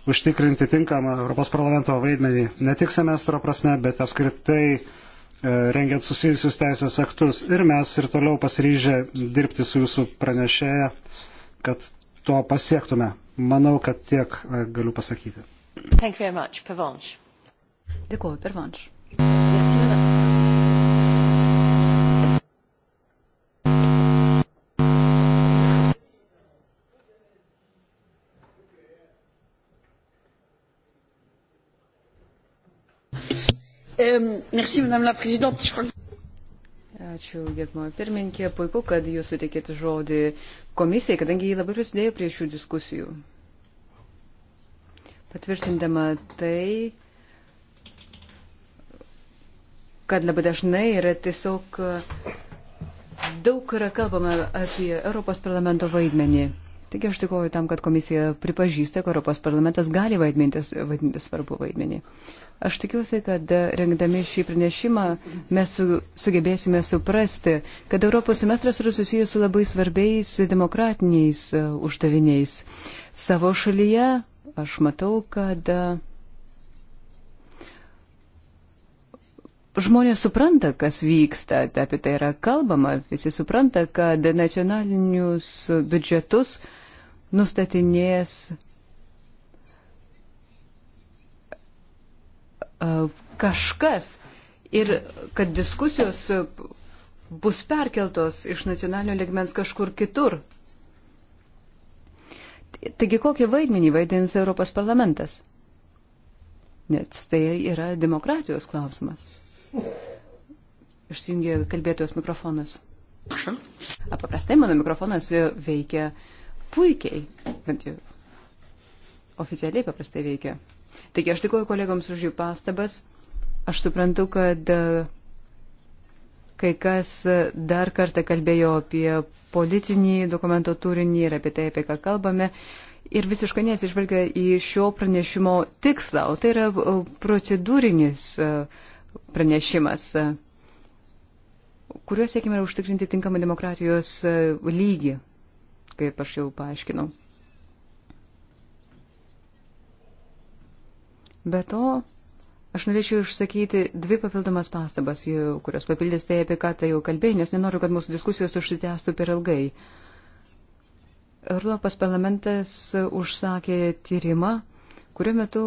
užtikrinti tinkamą Europos parlamento vaidmenį ne tik semestro prasme, bet apskritai e, rengiant susijusius teisės aktus. Ir mes ir toliau pasiryžę dirbti su jūsų pranešėja, kad to pasiektume. Manau, kad tiek e, galiu pasakyti. Thank you very much, Pavanche. Dėkuoju, Pervanche. Merci, madame. Euh, merci, Madame la Présidente. Je crois que... Ačiū, gerbimoji pirmininkė. Puiku, kad jūs suteikėte žodį komisijai, kadangi jį labai prisidėjo prie šių diskusijų patvirtindama tai, kad labai dažnai yra tiesiog e, daug yra kalbama apie Europos parlamento vaidmenį. Taigi aš dėkoju tam, kad komisija pripažįsta, kad Europos parlamentas gali vaidminti svarbu vaidmenį. Aš tikiuosi, kad e, rengdami šį pranešimą mes su, sugebėsime suprasti, kad Europos semestras yra susijęs su labai svarbiais demokratiniais e, uždaviniais. Savo šalyje aš matau, kad e, žmonės supranta, kas vyksta, tai apie tai yra kalbama, visi supranta, kad nacionalinius biudžetus nustatinės e, kažkas ir kad diskusijos bus perkeltos iš nacionalinio ligmens kažkur kitur. Taigi kokį vaidmenį vaidins Europos parlamentas? Net tai yra demokratijos klausimas. Išsijungė kalbėtojos mikrofonas. Prašom. Paprastai mano mikrofonas veikia puikiai, bent jau oficialiai paprastai veikia. Taigi aš dėkuoju kolegoms už jų pastabas. Aš suprantu, kad uh, kai kas dar kartą kalbėjo apie politinį dokumento turinį ir apie tai, apie ką kalbame. Ir visiškai nesižvelgia į šio pranešimo tikslą, o tai yra e, procedūrinis e, pranešimas, e, kuriuo siekime užtikrinti tinkamą demokratijos lygį, kaip aš jau paaiškinau. Be to, Aš norėčiau išsakyti dvi papildomas pastabas, kurios papildys tai, apie ką tai jau kalbėjai, nes nenoriu, kad mūsų diskusijos užsitęstų per ilgai. Europos parlamentas užsakė tyrimą, kuriuo metu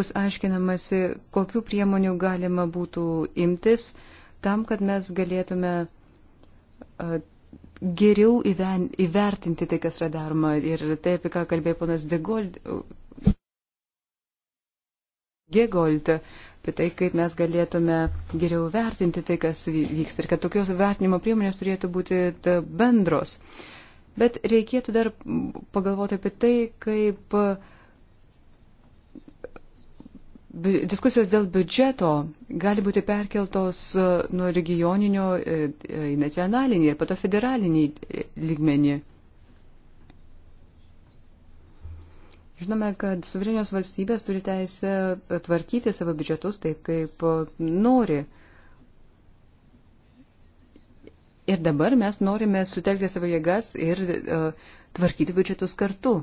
bus aiškinamasi, kokiu priemonių galima būtų imtis tam, kad mes galėtume geriau įven, įvertinti tai, kas yra daroma. Ir tai, apie ką kalbėjo ponas Gegolt, apie tai, kaip mes galėtume geriau vertinti tai, kas vyksta. Ir kad tokios vertinimo priemonės turėtų būti bendros. Bet reikėtų dar pagalvoti apie tai, kaip uh, diskusijos dėl biudžeto gali būti perkeltos e, nuo regioninio e, e, į nacionalinį ir pato federalinį lygmenį. Žinome, kad suverenios valstybės turi teisę tvarkyti savo biudžetus taip, kaip nori. Ir dabar mes norime sutelkti savo jėgas ir uh, tvarkyti biudžetus kartu.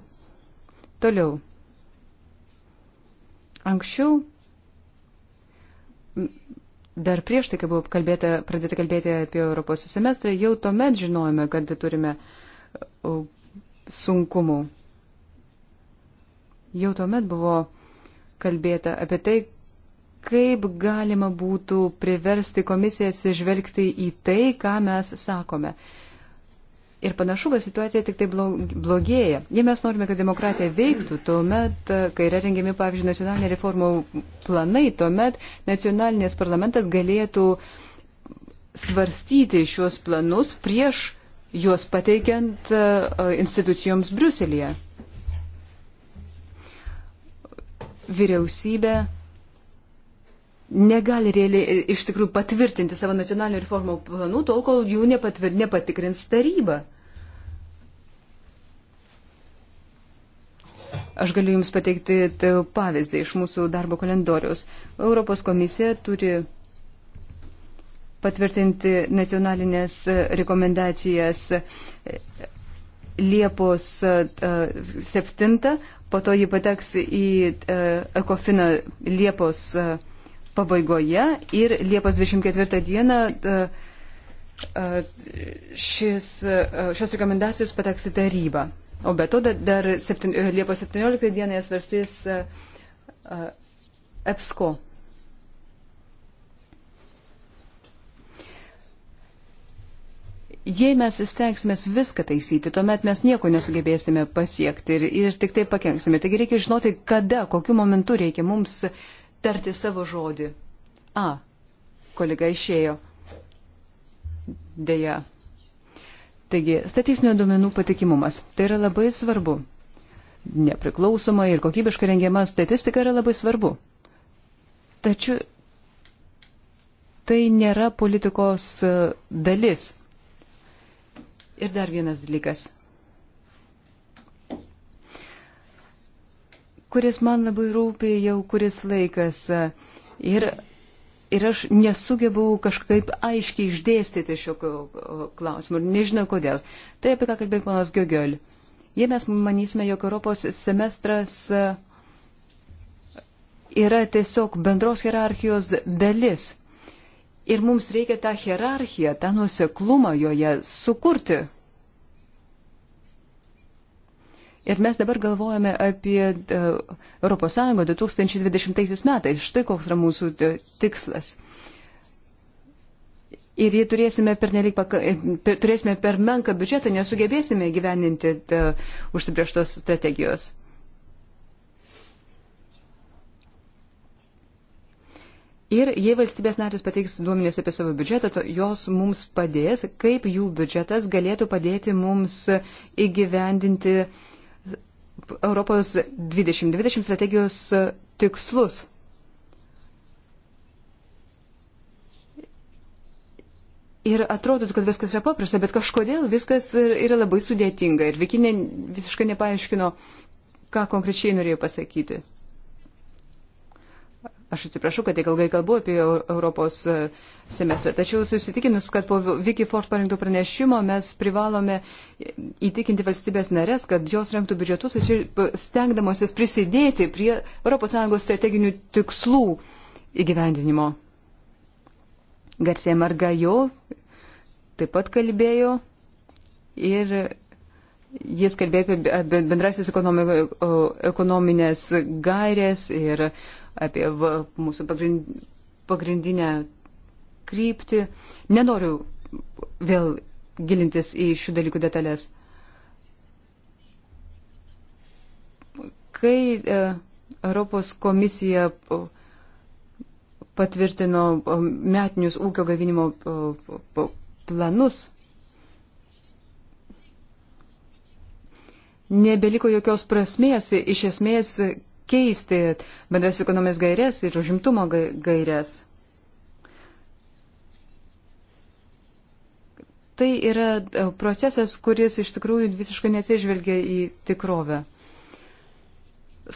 Toliau. Anksčiau, dar prieš tai, kai buvo kalbėta, pradėta kalbėti apie Europos semestrą, jau tuomet žinojome, kad turime e, sunkumų. Jau tuomet buvo kalbėta apie tai, kaip galima būtų priversti komisiją sižvelgti į tai, ką mes sakome. Ir panašu, kad situacija tik tai blogėja. Jei mes norime, kad demokratija veiktų, tuomet, kai yra rengiami, pavyzdžiui, nacionaliniai reformų planai, tuomet nacionalinės parlamentas galėtų svarstyti šiuos planus prieš juos pateikiant e, institucijoms Bruselėje. Vyriausybė negali realiai e, iš tikrųjų patvirtinti savo nacionalinių reformų planų, tol kol jų nepatvir, nepatikrins taryba. Aš galiu Jums pateikti pavyzdį iš mūsų darbo kalendoriaus. Europos komisija turi patvirtinti nacionalinės e, rekomendacijas e, Liepos 7, po to ji pateks į Ekofiną Liepos 7 pabaigoje ir Liepos 24 dieną e, e, šis, e, šios rekomendacijos pateks į tarybą. O be to dar 7, Liepos 17 dieną jas varstys EPSCO. Jei mes stengsimės viską taisyti, tuomet mes nieko nesugebėsime pasiekti ir, ir tik tai pakenksime. Taigi reikia žinoti, kada, kokiu momentu reikia mums uh, tarti savo žodį. A, kolega išėjo. Deja. Taigi, statistinio duomenų patikimumas. Tai yra labai svarbu. Nepriklausoma ir kokybiškai rengiama statistika yra labai svarbu. Tačiau tai nėra politikos e, dalis. Ir dar vienas dalykas. kuris man labai rūpė jau kuris laikas. Ir, ir aš nesugebau kažkaip aiškiai išdėstyti šio klausimo ir nežinau kodėl. Tai apie ką kalbėjo ponas Giogel. Jei mes manysime, jog Europos semestras e, yra tiesiog bendros hierarchijos dalis. Ir mums reikia tą hierarchiją, tą nuseklumą joje sukurti. Ir mes dabar galvojame apie ES 2020 metais. Štai koks yra mūsų e, tikslas. Ir jei turėsime e, per, nelik, turėsime per menką biudžetą, nesugebėsime gyveninti e, užsibrieštos strategijos. Ir jei valstybės narės pateiks duomenės apie savo biudžetą, jos mums padės, kaip jų biudžetas galėtų padėti mums įgyvendinti uh, Europos 2020 strategijos tikslus. Ir atrodo, kad viskas yra paprasta, bet kažkodėl viskas yra labai sudėtinga. Ir Vikinė visiškai nepaaiškino, ką konkrečiai norėjo pasakyti. Aš atsiprašau, kad tiek ilgai kalbu apie Europos e, semestrą, tačiau susitikinus, kad po Vicky Ford parinkto pranešimo mes privalome įtikinti valstybės narės, kad jos renktų biudžetus, stengdamosios prisidėti prie ES strateginių tikslų įgyvendinimo. Garsė Margajo taip pat kalbėjo ir Jis kalbėjo apie bendrasis ekonominės gairės ir apie mūsų pagrindinę kryptį. Nenoriu vėl gilintis į šių dalykų detalės. Kai e, Europos komisija patvirtino metinius ūkio gavinimo planus, nebeliko jokios prasmės iš esmės keisti bendras ekonomės gairias ir užimtumo gairias. Tai yra e, procesas, kuris iš tikrųjų visiškai nesižvelgia į tikrovę.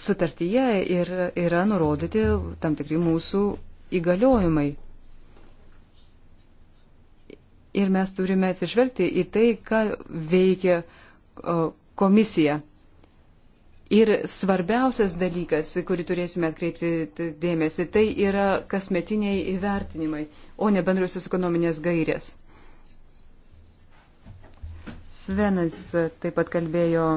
Sutartyje ir, yra nurodyti tam tikri mūsų įgaliojimai. Ir mes turime atsižvelgti į tai, ką veikia komisija. Ir svarbiausias dalykas, kurį turėsime atkreipti dėmesį, tai yra kasmetiniai įvertinimai, o ne bendrusios ekonominės gairės. Svenas taip pat kalbėjo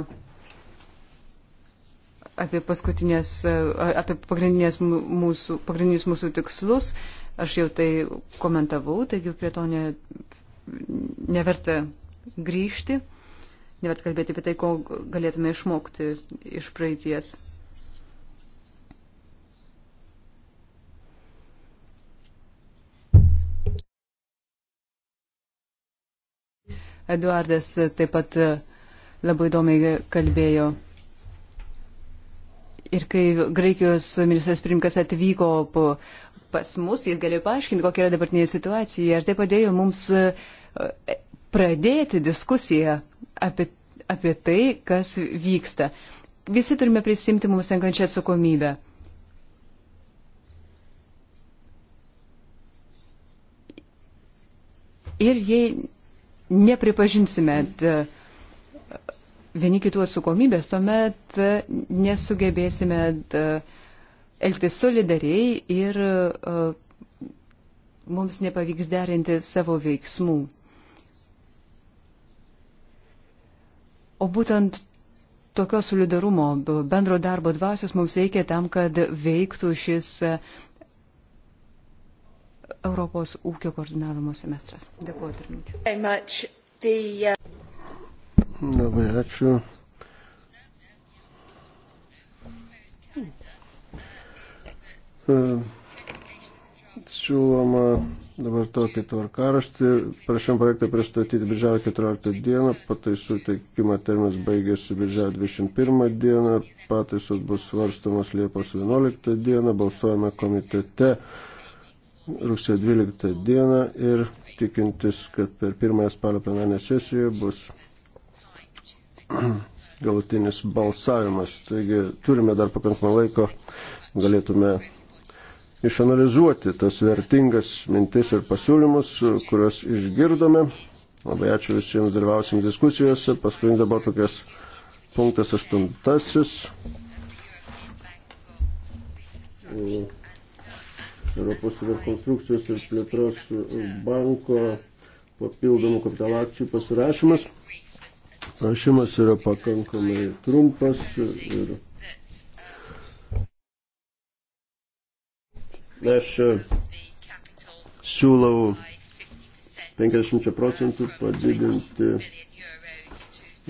apie, apie pagrindinės mūsų, pagrindinius mūsų tikslus. Aš jau tai komentavau, taigi prie to ne, neverta grįžti neverta kalbėti apie tai, ko galėtume išmokti iš praeities. Eduardas taip pat labai įdomiai kalbėjo. Ir kai Graikijos ministras Primkas atvyko po, pas mus, jis galėjo paaiškinti, kokia yra dabartinė situacija. Ir tai padėjo mums e, pradėti diskusiją apie, apie tai, kas vyksta. Visi turime prisimti mums tenkančią atsakomybę. Ir jei nepripažinsime e, vieni kitų atsakomybės, tuomet e, nesugebėsime e, elgtis solidariai ir mums nepavyks derinti savo veiksmų. O būtent tokios solidarumo, bendro darbo dvasios mums reikia tam, kad veiktų šis e, Europos ūkio koordinavimo semestras. Dėkuoju, pirmininkė. Uh, Labai ačiū. Uh, siūloma dabar tokį tvarkaraštį. Prašom projektą pristatyti birželio 14 dieną, pataisų teikimo terminas baigėsi birželio 21 dieną, pataisos bus svarstamos Liepos 11 dieną, balsuojame komitete rugsėjo 12 dieną ir tikintis, kad per pirmąją spalio plenarinę sesiją bus (clears throat) galutinis balsavimas. Taigi turime dar pakankamai laiko, galėtume išanalizuoti tas vertingas mintis ir pasiūlymus, kuriuos išgirdome. Labai ačiū visiems dalyvausiams diskusijose. Paskutinis dabar tokias punktas aštuntasis. Europos rekonstrukcijos ir plėtros banko papildomų kapital akcijų pasirašymas. Prašymas yra pakankamai trumpas ir Aš e, siūlau 50 procentų padidinti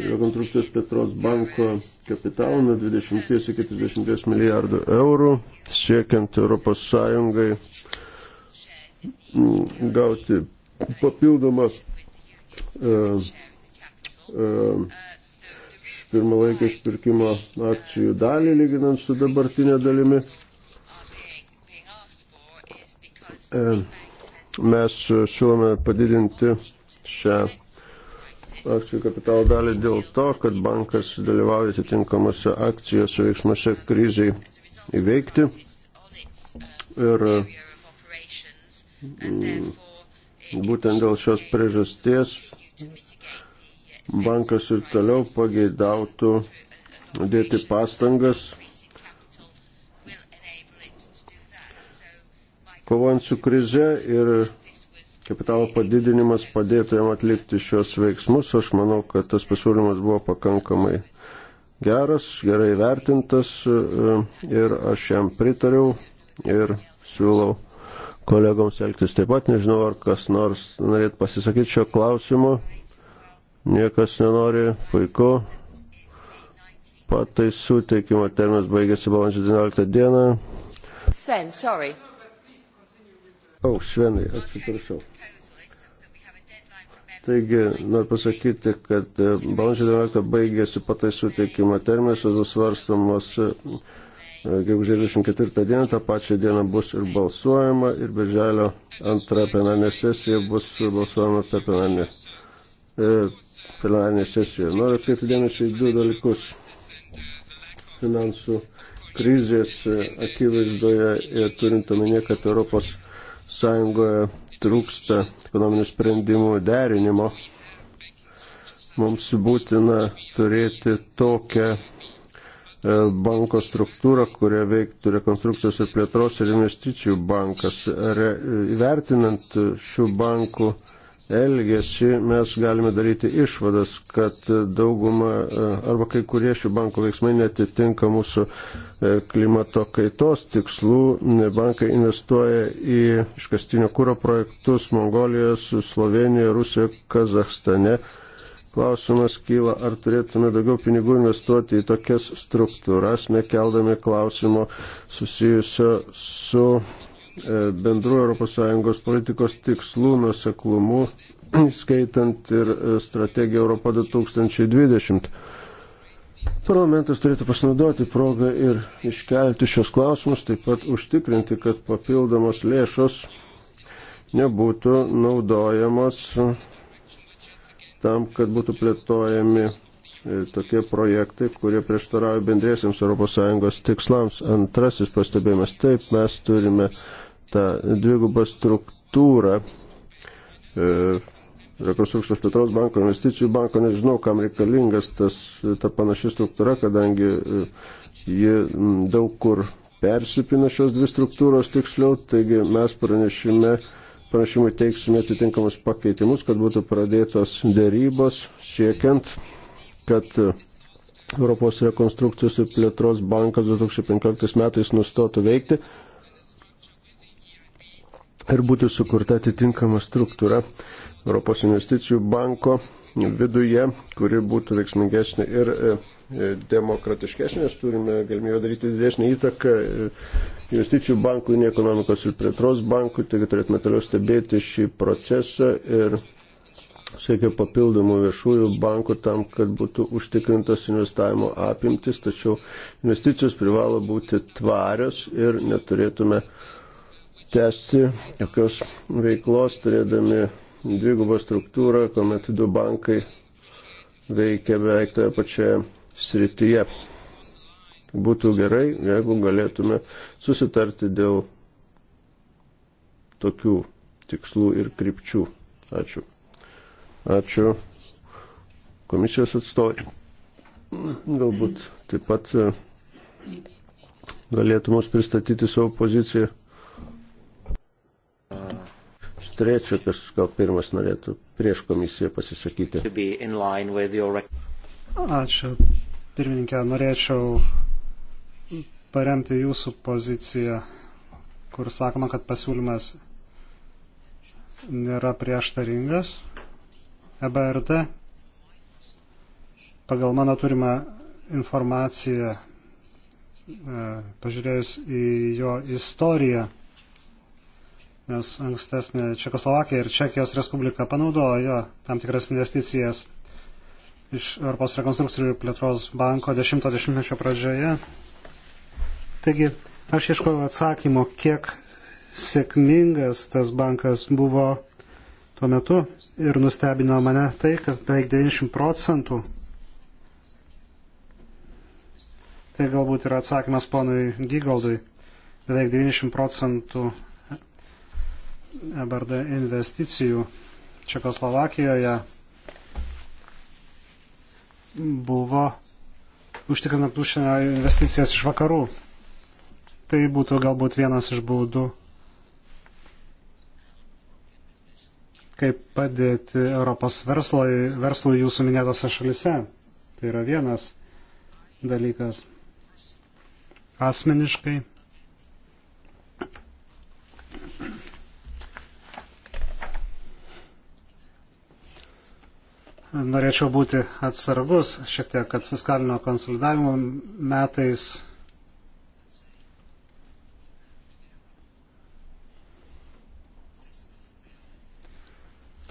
rekonstrukcijos plėtros banko kapitalą nuo 20 iki 30 milijardų eurų, siekiant ES mm, gauti papildomą uh, e, uh, e, pirmalaikio išpirkimo akcijų dalį lyginant su dabartinė dalimi. E, mes siūlome padidinti šią akcijų kapitalo dalį dėl to, kad bankas dalyvauja atitinkamuose akcijose veiksmuose kriziai įveikti. Ir mm, būtent dėl šios priežasties bankas ir toliau pageidautų dėti pastangas kovojant su krize ir kapitalo padidinimas padėtų jam atlikti šios veiksmus. Aš manau, kad tas pasiūlymas buvo pakankamai geras, gerai vertintas e, ir aš jam pritariau ir siūlau kolegoms elgtis taip pat. Nežinau, ar kas nors norėtų pasisakyti šio klausimu. Niekas nenori, puiku. Pataisų teikimo terminas baigėsi balandžio 19 dieną. Sven, sorry. O, oh, Švenai, atsiprašau. Taigi, noriu pasakyti, kad e, balandžio 19 baigėsi pataisų teikimo terminas, o svarstamos gegužė 24 dieną, tą pačią dieną bus ir balsuojama, ir birželio antrą plenarinę sesiją bus balsuojama per plenarinę, e, plenarinę sesiją. Noriu atkreipti dėmesį į du dalykus. Finansų krizės e, akivaizdoje ir turint omenyje, kad Europos Sąjungoje trūksta ekonominių sprendimų derinimo. Mums būtina turėti tokią e, banko struktūrą, kurią veiktų rekonstrukcijos ir plėtros ir investicijų bankas. Re, įvertinant šių bankų elgesį mes galime daryti išvadas, kad dauguma e, arba kai kurie šių bankų veiksmai netitinka mūsų e, klimato kaitos tikslų. Bankai investuoja į iškastinio kūro projektus Mongolijoje, Slovenijoje, Rusijoje, Kazahstane. Klausimas kyla, ar turėtume daugiau pinigų investuoti į tokias struktūras, nekeldami klausimo susijusio su E, bendru ES politikos tikslų nuseklumu, (clears throat) skaitant ir e, strategiją Europą 2020. Parlamentas turėtų pasinaudoti progą ir iškelti šios klausimus, taip pat užtikrinti, kad papildomos lėšos nebūtų naudojamos tam, kad būtų plėtojami e, tokie projektai, kurie prieštarauja bendriesiams ES tikslams. Antrasis pastebėjimas, taip mes turime uh, tą dvigubą struktūrą e, rekonstrukcijos plėtros banko, investicijų banko, nežinau, kam reikalingas tas, ta panaši struktūra, kadangi e, ji daug kur persipina šios dvi struktūros tiksliau, taigi mes pranešime, pranešimui teiksime atitinkamus pakeitimus, kad būtų pradėtos dėrybos siekiant, kad e, Europos rekonstrukcijos ir plėtros bankas 2015 metais nustotų veikti ir būtų sukurta atitinkama struktūra Europos investicijų banko viduje, kuri būtų veiksmingesnė ir e, e, demokratiškesnė, nes turime galimybę daryti didesnį įtaką e, investicijų bankui, ne ekonomikos ir plėtros bankui, taigi turėtume toliau stebėti šį procesą ir siekia papildomų viešųjų bankų tam, kad būtų užtikrintos investavimo apimtis, tačiau investicijos privalo būti tvarios ir neturėtume uh, tęsti jokios veiklos, turėdami dvigubą struktūrą, kuomet du bankai veikia beveik toje pačioje srityje. Būtų gerai, jeigu galėtume susitarti dėl tokių tikslų ir krypčių. Ačiū. Ačiū komisijos atstovai. Galbūt taip pat e, galėtų mums pristatyti savo poziciją. Turėčiau, kas gal pirmas norėtų prieš komisiją pasisakyti. Ačiū. Pirmininkė, norėčiau paremti jūsų poziciją, kur sakoma, kad pasiūlymas nėra prieštaringas. EBRD pagal mano turimą informaciją, e, pažiūrėjus į jo istoriją, nes ankstesnė Čekoslovakija ir Čekijos Respublika panaudojo tam tikras investicijas iš Europos rekonstrukcijų ir plėtros banko 10-mečio pradžioje. Taigi, aš ieškojau atsakymo, kiek sėkmingas tas bankas buvo tuo metu ir nustebino mane tai, kad beveik 90 procentų. Tai galbūt yra atsakymas ponui Gygoldui. Beveik 90 procentų EBRD investicijų Čekoslovakijoje buvo užtikrinant užsienio investicijas iš vakarų. Tai būtų galbūt vienas iš būdų, kaip padėti Europos verslui, verslui jūsų minėtose šalise. Tai yra vienas dalykas. Asmeniškai norėčiau būti atsargus šiek tiek, kad fiskalinio konsolidavimo metais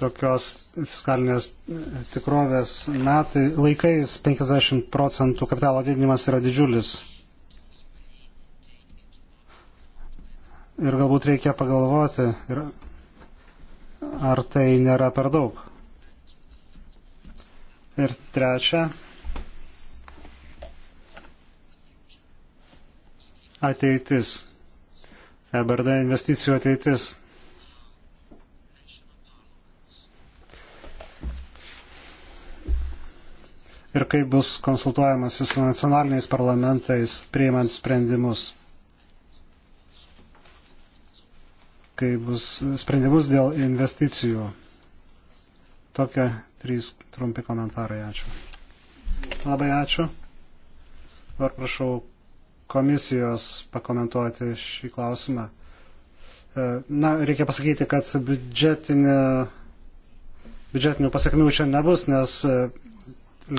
tokios fiskalinės tikrovės metai, laikais 50 procentų kapitalo didinimas yra didžiulis. Ir galbūt reikia pagalvoti, ar tai nėra per daug. Ir trečia, ateitis. EBRD investicijų ateitis. ir kaip bus konsultuojamasi su nacionaliniais parlamentais priimant sprendimus. Kai bus sprendimus dėl investicijų. Tokia Trys trumpi komentarai, ačiū. Labai ačiū. Dabar prašau komisijos pakomentuoti šį klausimą. E, na, reikia pasakyti, kad biudžetinė, biudžetinių pasiekmių čia nebus, nes e,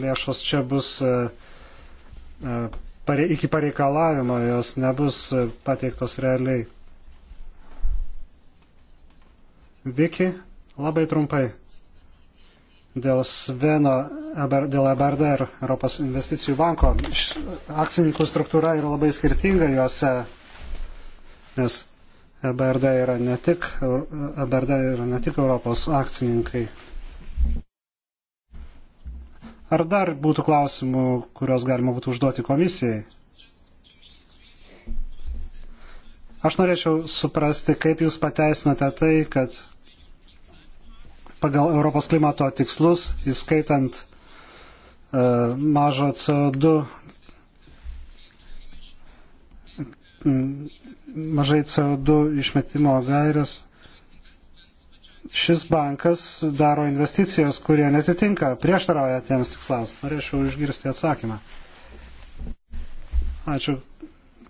lėšos čia bus e, pare, iki pareikalavimo, jos nebus pateiktos realiai. Viki, labai trumpai dėl Sveno, dėl EBRD ir Europos investicijų banko. Akcininkų struktūra yra labai skirtinga juose, nes EBRD yra ne tik, EBRD yra ne tik Europos akcininkai. Ar dar būtų klausimų, kuriuos galima būtų užduoti komisijai? Aš norėčiau suprasti, kaip jūs pateisinate tai, kad pagal Europos klimato tikslus, įskaitant uh, e, mažą CO2, mažai CO2 išmetimo gairias. Šis bankas daro investicijas, kurie netitinka, prieštarauja tiems tikslams. Norėčiau išgirsti atsakymą. Ačiū,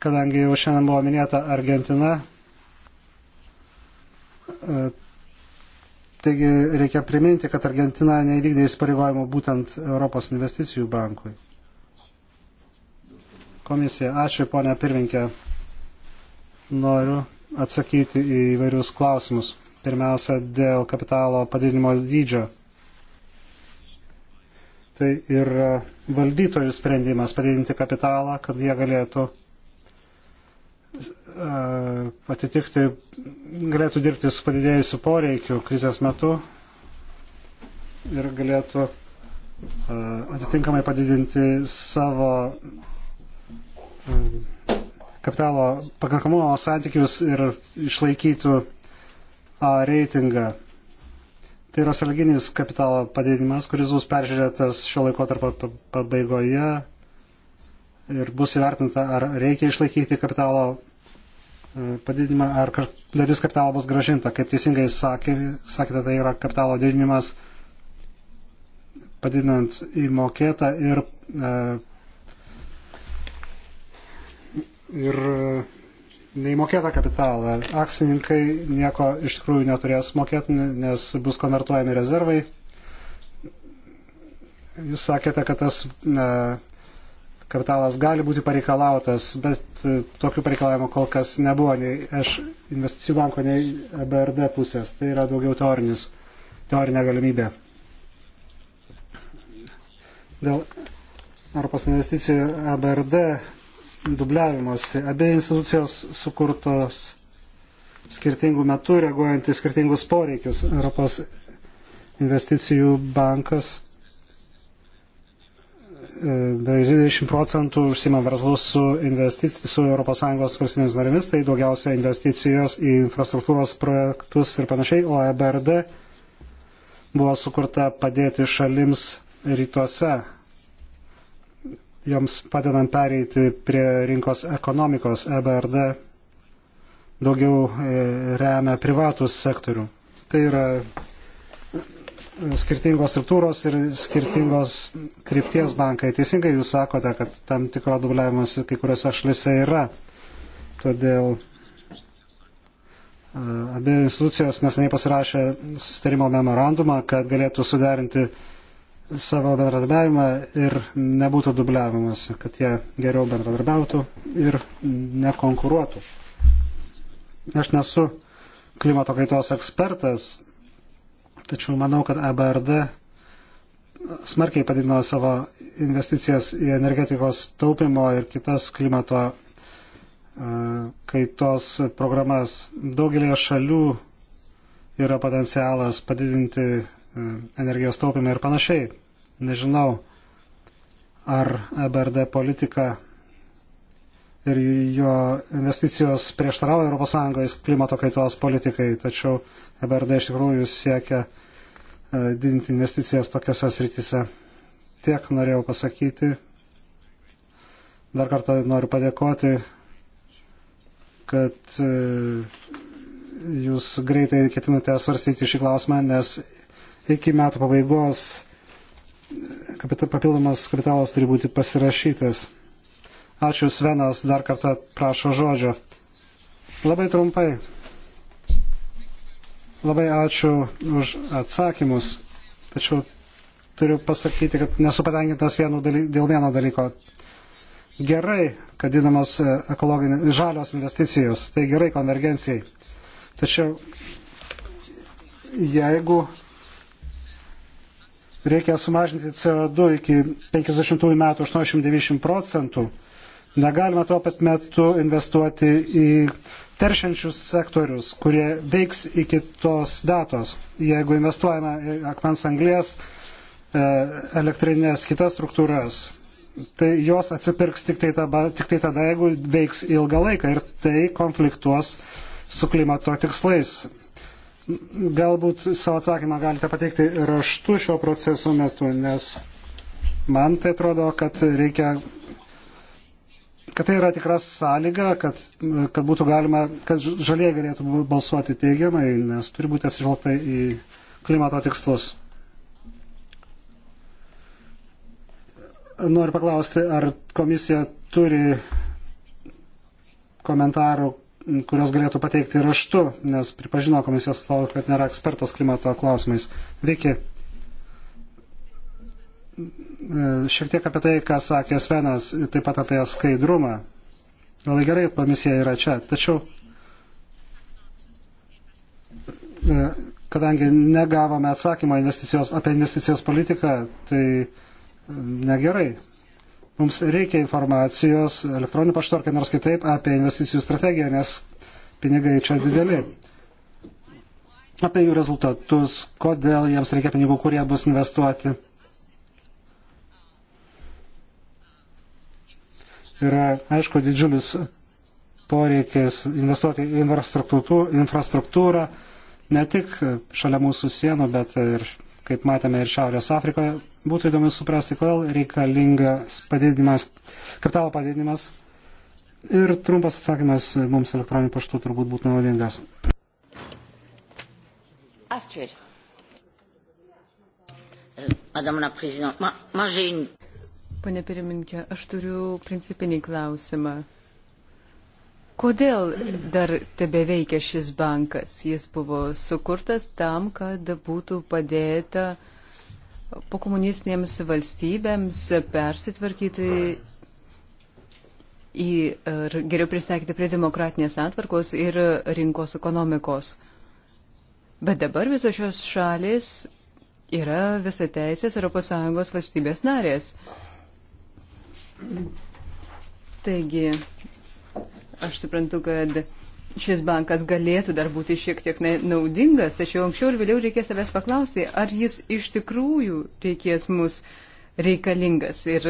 kadangi jau šiandien buvo minėta Argentina, e, Taigi reikia priminti, kad Argentina neįvykdė įsipareigojimų būtent Europos investicijų bankui. Komisija, ačiū ponia pirminkė. Noriu atsakyti į įvairius klausimus. Pirmiausia, dėl kapitalo padidinimo dydžio. Tai ir valdytojų sprendimas padidinti kapitalą, kad jie galėtų E, atitikti, galėtų dirbti su padidėjusiu poreikiu krizės metu ir galėtų e, atitinkamai padidinti savo e, kapitalo pakankamumo santykius ir išlaikytų A reitingą. Tai yra salginis kapitalo padidinimas, kuris bus peržiūrėtas šio laiko tarp pabaigoje ir bus įvertinta, ar reikia išlaikyti kapitalo padidinimą, ar dalis kapitalo bus gražinta. Kaip teisingai sakė, sakėte, tai yra kapitalo didinimas padidinant įmokėtą ir, e, ir e, neįmokėtą kapitalą. Aksininkai nieko iš tikrųjų neturės mokėti, nes bus konvertuojami rezervai. Jūs sakėte, kad tas e, kapitalas gali būti pareikalautas, bet e, tokių pareikalavimų kol kas nebuvo nei aš investicijų banko, nei e BRD pusės. Tai yra daugiau teorinis, teorinė galimybė. Dėl Europos investicijų ABRD e dubliavimuose abi institucijos sukurtos skirtingų metų reaguojant į skirtingus poreikius. Europos investicijų bankas beveik 20 procentų užsima verslus su, su ES valstybėmis narėmis, tai daugiausia investicijos į infrastruktūros projektus ir panašiai, o EBRD buvo sukurta padėti šalims rytuose, joms padedant pereiti prie rinkos ekonomikos. EBRD daugiau e, remia privatus sektorių. Tai yra skirtingos struktūros ir skirtingos krypties bankai. Teisingai jūs sakote, kad tam tikro dubliavimas kai kuriuose šalise yra. Todėl abi institucijos neseniai pasirašė sustarimo memorandumą, kad galėtų suderinti savo bendradarbiavimą ir nebūtų dubliavimas, kad jie geriau bendradarbiautų ir nekonkuruotų. Aš nesu klimato kaitos ekspertas, Tačiau manau, kad EBRD smarkiai padidino savo investicijas į energetikos taupimo ir kitas klimato e, kaitos programas. Daugelėje šalių yra potencialas padidinti e, energijos taupimą ir panašiai. Nežinau, ar EBRD politika ir jo investicijos prieštarauja ES klimato kaitos politikai, tačiau EBRD iš tikrųjų siekia e, didinti investicijas tokiuose srityse. Tiek norėjau pasakyti. Dar kartą noriu padėkoti, kad e, jūs greitai ketinate svarstyti šį klausimą, nes iki metų pabaigos papildomas kapitalas turi būti pasirašytas. Ačiū Svenas, dar kartą prašo žodžio. Labai trumpai. Labai ačiū už atsakymus, tačiau turiu pasakyti, kad nesu patenkintas dėl vieno dalyko. Gerai, kad didinamos e, žalios investicijos, tai gerai konvergencijai. Tačiau jeigu reikia sumažinti CO2 iki 50 metų 80-90 procentų, Negalima tuo pat metu investuoti į teršiančius sektorius, kurie veiks iki tos datos. Jeigu investuojame į akmens anglės, e, elektrinės, kitas struktūras, tai jos atsipirks tik tai, tada, tik tai tada, jeigu veiks ilgą laiką ir tai konfliktuos su klimato tikslais. Galbūt savo atsakymą galite pateikti raštu šio proceso metu, nes man tai atrodo, kad reikia kad tai yra tikra sąlyga, kad, kad būtų galima, kad žalie galėtų balsuoti teigiamai, nes turi būti atsižvelgta į klimato tikslus. Noriu paklausti, ar komisija turi komentarų, kurios galėtų pateikti raštu, nes pripažino komisijos atstovas, kad nėra ekspertas klimato klausimais. Veikia šiek tiek apie tai, ką sakė Svenas, taip pat apie skaidrumą. Labai gerai, kad komisija yra čia. Tačiau, e, kadangi negavome atsakymą investicijos, apie investicijos politiką, tai e, negerai. Mums reikia informacijos elektroniniu paštu ar kaip nors kitaip apie investicijų strategiją, nes pinigai čia dideli apie jų rezultatus, kodėl jiems reikia pinigų, kurie bus investuoti. yra, aišku, didžiulis poreikis investuoti į infrastruktūrą, ne tik šalia mūsų sienų, bet ir, kaip matėme, ir Šiaurės Afrikoje. Būtų įdomu suprasti, kodėl reikalingas padidinimas, kapitalo padidinimas. Ir trumpas atsakymas mums elektroniniu paštu turbūt būtų naudingas. Astrid. Euh, Madame la Présidente, moi, moi j'ai une Pane pirmininkė, aš turiu principinį klausimą. Kodėl dar tebe veikia šis bankas? Jis buvo sukurtas tam, kad būtų padėta pokomunistinėms valstybėms persitvarkyti į geriau pristaikyti prie demokratinės antvarkos ir rinkos ekonomikos. Bet dabar visos šios šalis yra visateisės ES valstybės narės. Taigi, aš suprantu, kad šis bankas galėtų dar būti šiek tiek naudingas, tačiau anksčiau ir vėliau reikės savęs paklausti, ar jis iš tikrųjų reikės mus reikalingas ir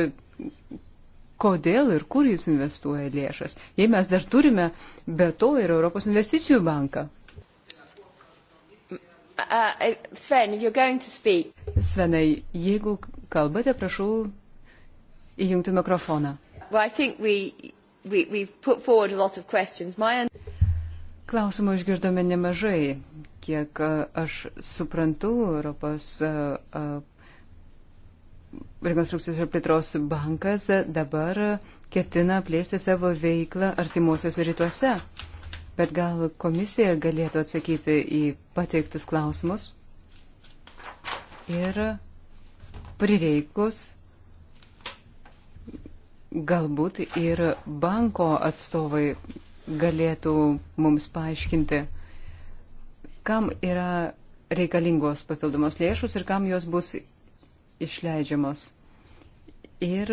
kodėl ir kur jis investuoja lėšas, jei mes dar turime be to ir Europos investicijų banką. Uh, uh Sven, Svenai, jeigu kalbate, prašau įjungti mikrofoną. Well, we, we, My... Klausimų išgirdome nemažai. Kiek aš suprantu, Europos rekonstrukcijos ir plėtros bankas dabar ketina plėsti savo veiklą artimuosiuose rytuose. Bet gal komisija galėtų atsakyti į pateiktus klausimus ir prireikus Galbūt ir banko atstovai galėtų mums paaiškinti, kam yra reikalingos papildomos lėšus ir kam jos bus išleidžiamos. Ir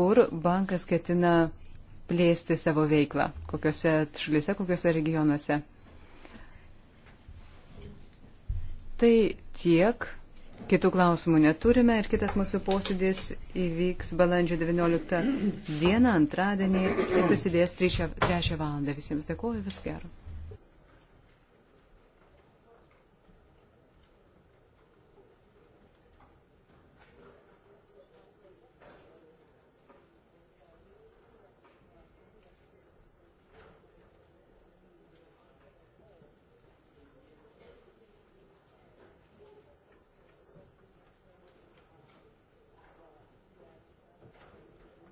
kur bankas ketina plėsti savo veiklą, kokiuose šalyse, kokiuose regionuose. Tai tiek Kitų klausimų neturime ir kitas mūsų posėdis įvyks balandžio 19 dieną, antradienį ir prasidės 3 val. Visiems dėkuoju, vis gero.